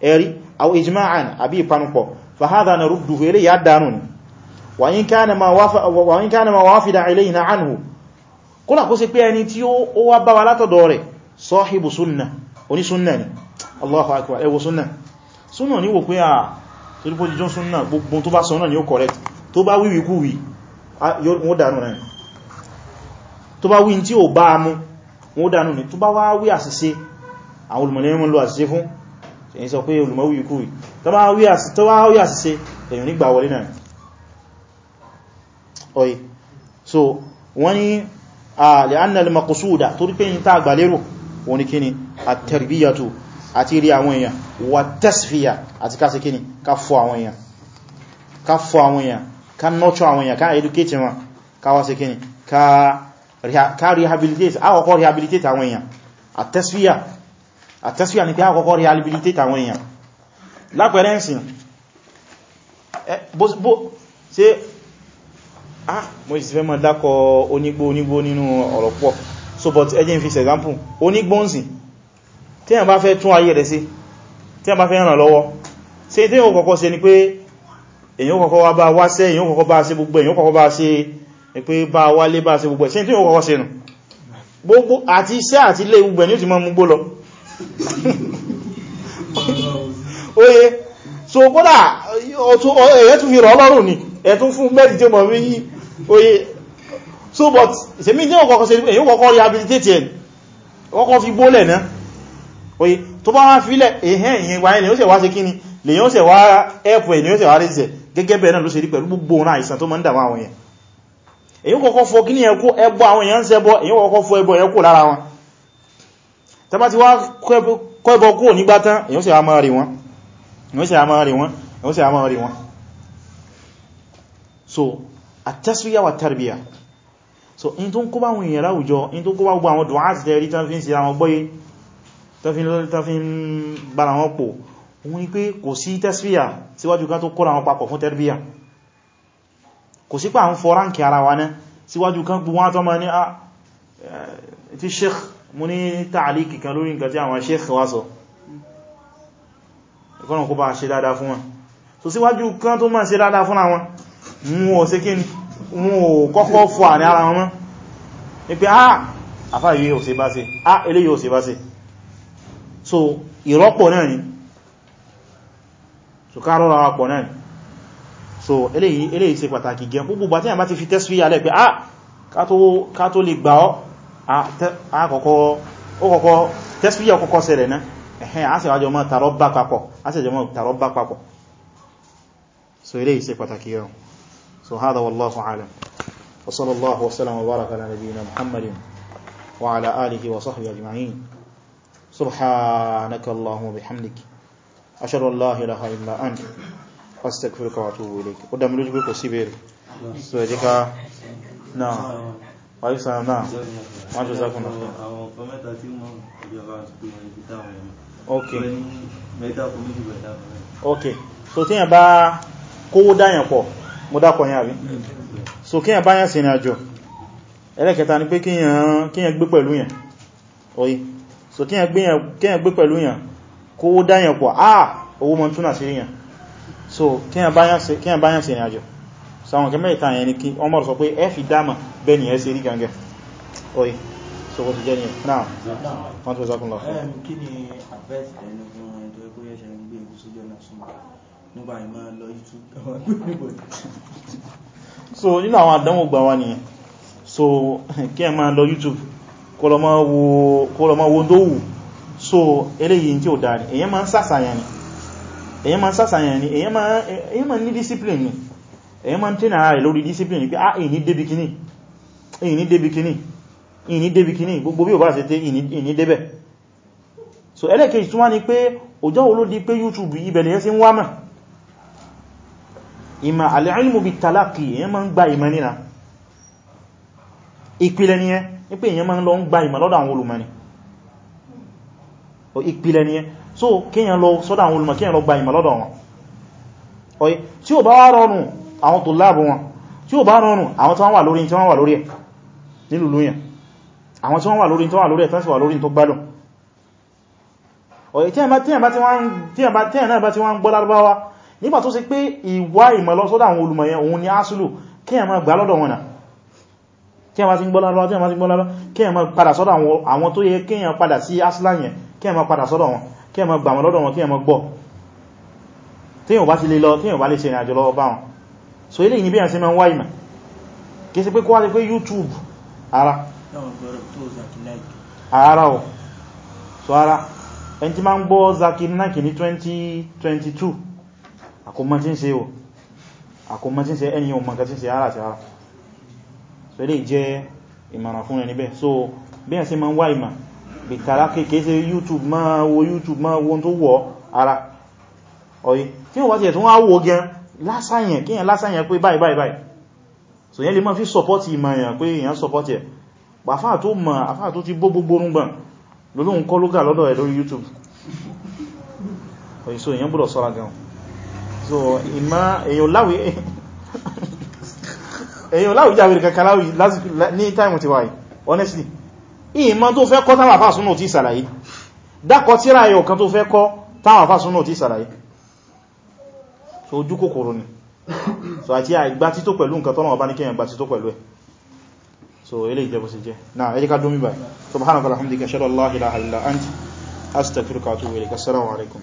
ẹni àbí ìpanupọ̀ فهذا نرده إليه يدانون وإن كان ما وافد وإن كان ما وافد علينا عنه kó làkó sí pé ẹni tí ó wá bá wa látọ̀dọ̀ rẹ̀ sọ́hìbù súnnà oní súnnà ni Allahu akbar ẹwọ súnnà súnnà ní wò pé à tó dípò jíjọ súnnà gbogbo tó bá sọ náà ni ó correct tó bá wíwí kú wí wọ́n dànù rẹ̀ tó bá wí tí ó bá mú wọ́n dànù ni tó bá wá wí àṣìṣe àwọn olùmọ̀lẹ́mọ́ lọ àṣìṣe fún tó bá wáwí àṣìṣe èyàn nígbà wọlé náà ọ̀yí so wọ́n ni li'anna al-maqsuda tó rí pé yí tàà gbàlérò wọ́n ni kíni at-tarbiyatu àti rí àwọn èèyàn wà tasfiya àti ká ṣe kíni ká fọ́ àwọn èèyàn ká fọ́ àwọn èèyàn ká nurture educate wọn ká wá ṣe kíni ká rehabilitate àkọ́kọ́ rehabilitate àwọn èèyàn at-tasfiya at-tasfiya ni rehabilitate àwọn lápẹẹrẹ ìsìn bó ṣe ah mo sì fẹ́ mọ́ dákọ onígbó onígbó nínú ọ̀rọ̀ pọ̀ so but ẹ jẹ́ n fi ṣe example onígbó ń sìn tí ẹ̀yàn bá fẹ́ tún ayé rẹ̀ sí tí ẹ̀yàn bá fẹ́ ràn lọ́wọ́ ṣe tí èyàn kọ́kọ́ ṣe ni pé èyàn kọ́kọ́ wá bá wá sẹ́ èyàn kọ́kọ́ bá ṣe gbogbo èyàn kọ́kọ́ bá ṣe pé bá wá lé bá ṣe gbogbo ṣe tí èyàn kọ́kọ́ ṣe nù gbogbo àti iṣẹ́ àti ilé gbogbo ni ó ti mọ́ mú gbó lọ oye so kódà ẹ̀yẹ́ tún fi rọ̀ ọlọ́rùn ni ẹ̀ fún mẹ́rin tí mọ̀ yí oye so but ìsẹ̀mí jẹ́ ọkọ̀kọ́ sí èyí kọ́kọ́ rehabilitate ẹ̀ kọ́kọ́ fi bólẹ̀ náà oye tó bá wá fílẹ̀ ẹ̀hẹ́n ìyẹn wáyé lèyàn sẹ̀ wá ṣe kíni lèyàn sẹ̀ wá ẹ̀pù ẹ̀ lèyàn sẹ̀ wá rẹ̀sẹ̀ gẹ́gẹ́ bẹ̀rẹ̀ náà ló ṣe rí pẹ̀lú gbogbo ọ̀nà àìsàn tó mọ́ ń dà àwọn èèyàn èyí kọ́kọ́ fọ kíní ẹkú ẹbọ àwọn èèyàn ń ṣẹbọ èyí kọ́kọ́ fọ ẹbọ ẹkú lára wọ́n sì àmà rí wọn wọ́n sì àmà rí wọn so àtẹ́síwíyà wà so in tó ń kó bá wọn èèyàn láwùjọ in tó kó bá gbogbo àwọn dùn áti tẹ́rí tán fi ń sira wọn gbọ́yé tán fi ń bára wọn pò wọ́n ni pé kò sí tẹ́síwíyà síwájú ká tó kóra wọn papọ̀ fún tẹ́rbíyà kò sí pà ń fọ́ ránkì ara wa náà síwájú kan gbogbo wọn tó ma ní a ah, eh, ti sheikh mo ní tààlì kìkan lórí nǹkan tí àwọn sheikh wá sọ kọ́nà kó bá ṣe dáadáa fún wọn so síwájú kan tó máa ṣe dáadáa fún àwọn mú o ṣe kí mú o kọ́kọ́ fọ́ àní ara wọn ní pé ah afá ìwé ò ṣe bá ṣe ah eléyìí ò ṣe bá ṣe so ìrọ́pọ̀ náà ni so ká rọ́ra pọ̀ náà ni so eléyìí eléyìí ṣe pàtàkì gẹn púpù bá tí a bá ti fi tẹ́sí alẹ́ pé ah ká tó lè gbà ọ́ àkọ́kọ́ tẹ́sí ọkọ̀kọ́ sẹ̀rẹ̀ náà ẹ̀hẹ́n a sì wájọ mọ́ tàrọ́bá papọ̀ a sì jọmọ́ tàrọ́bá papọ̀ so ilé ìṣe pàtàkì yau so hada wallahu alam wa sallallahu wasallam wa baraka ala nabiyyina muhammadin wa ala alihi wa sahbihi ajma'in subhanaka allahumma bihamdik ashhadu an la ilaha illa anta astaghfiruka wa atubu ilayk o da mi lójú pé kò sí so e dika na wa yi sa na wa jazakumullah àwọn kometa ti mo bi ba ti pe ibi ta Okay. so tí ba bá kówó dáyàn pọ̀ mo dákọ̀ yàn rí mm. so kí yàn bá yàn sínú àjò ẹlẹ́kẹta ni pé kí yàn gbé pẹ̀lú yàn oyi so kí yàn gbé pẹ̀lú yàn kówó dáyàn pọ̀ ah owó mọ́ túnà sí yàn so kí yàn bá yàn sínú àjò sáwọn kẹ mẹ́ta yẹn ni kí Omar sọ pé ẹ fi dáma bẹ́ni ẹ sí rí gangan oyi so ti jẹ́ yẹn náà wọ́n tó sákùn lọ kí ni advice ẹni fún ẹni tó ẹkọ́ yẹ́ ṣe ń gbé ẹkù sójú ọ̀nà súnmọ́ nígbà ìmọ̀ lọ YouTube so nínú àwọn àdánwò gbà wá nìyẹn so kí ẹ máa lọ YouTube kó lọ máa wo tó wù so eléyìí tí ó dáa ni èyàn máa ń ni èyàn máa ń sàṣàyàn ni èyàn máa ń ní discipline ni èyàn máa ń tẹ́nà rẹ̀ discipline ni pé ah e ní débi kíní ìní débi kìíní gbogbo bí o bá ṣe tẹ́ ìní débẹ̀ so ẹlẹ́kejì tún wá ní pé òjò olódi pé youtube ibẹ̀ lèyàn sí ń wá mọ̀ ìmọ̀ al-ilmu bit-talaqi èyàn máa ń gba ìmọ̀ nínà ìpìlẹ̀ ni ẹ ní pé èyàn máa ń lọ gba ìmọ̀ lọ́dọ̀ àwọn olùmọ̀ ni so kíyàn lọ sọ́dọ̀ àwọn olùmọ̀ kíyàn lọ gba ìmọ̀ lọ́dọ̀ wọn ọ̀yẹ́ tí ó bá wá rọrùn àwọn tó láàbù wọn tí ó bá rọrùn àwọn tó àwọn tí wọ́n wà lórí tó wà lórí ẹ̀tọ́ sí wà lórí tó gbádùn ọ̀yẹ̀ tí ẹ̀nà bá ti wọ́n ń gbọ́ lárúbáwá nígbà tó sì pé ìwà ìmọ̀lọ́sọ́dọ̀ àwọn olùmọ̀yẹn òun ni asùlù kí ẹ má gbà lọ́dọ̀ wọn náà kí ẹ má ti ń gbọ́ lárúbáwá tí ẹ má ti ń gbọ́ lárúbáwá kí ẹ má padà sọ́dọ̀ àwọn so eléyìí ni bí ẹ̀ sí mẹ́ ń YouTube ara ààrà ọ̀ so ara ẹn tí máa ń gbọ́ zaki náàkì ní 2022 àkómọ́ tí ń ṣe ọ̀ àkómọ́ tí ń ṣe ẹni ọmọ nǹkan tí ń ṣe ara àti ara so ilé jẹ́ ìmọ̀ràn fún ẹni bẹ́ so bí ẹ̀ sí ma ń wá ìmọ̀ bí tààrà kéèkéé sí youtube ma wo youtube máa wo tó wọ́ ara ọ̀yí tí wọ́n wá sí ẹ̀ tó wá wo gan lásàyàn kíyàn lásàyàn pé báyìí báyìí so yẹn lè máa fi support ìmọ̀ èèyàn pé èèyàn support ẹ̀ àfáà tó mọ̀ àfáà tó ti bó gbogbo orúngbọ̀n lólóhun kọ́ lókà lọ́dọ̀ ẹ̀ lórí youtube òyìn so èyàn gbọ́dọ̀ sọ́ra gan so ìmá èyàn láwí èyàn láwí jáwé kankan láwí ní time ti wáyé honestly ìmá tó fẹ́ kọ́ táwọn àfáà súnà ti sàlàyé dákọ̀ tíra ẹyọ kan tó fẹ́ kọ́ táwọn àfáà súnà ti sàlàyé so ojú kòkòrò ni so àti àìgbà tító pẹ̀lú nǹkan tọ́nà ọba ní kíyàn gbà tító pẹ̀lú ẹ̀ so eléyìí jẹ́ bó ṣe jẹ́ na ẹ jẹ́ ká dómi báyìí subhanaka wa bihamdika ashhadu an la ilaha illa anta astaghfiruka wa atubu ilayk assalamu alaikum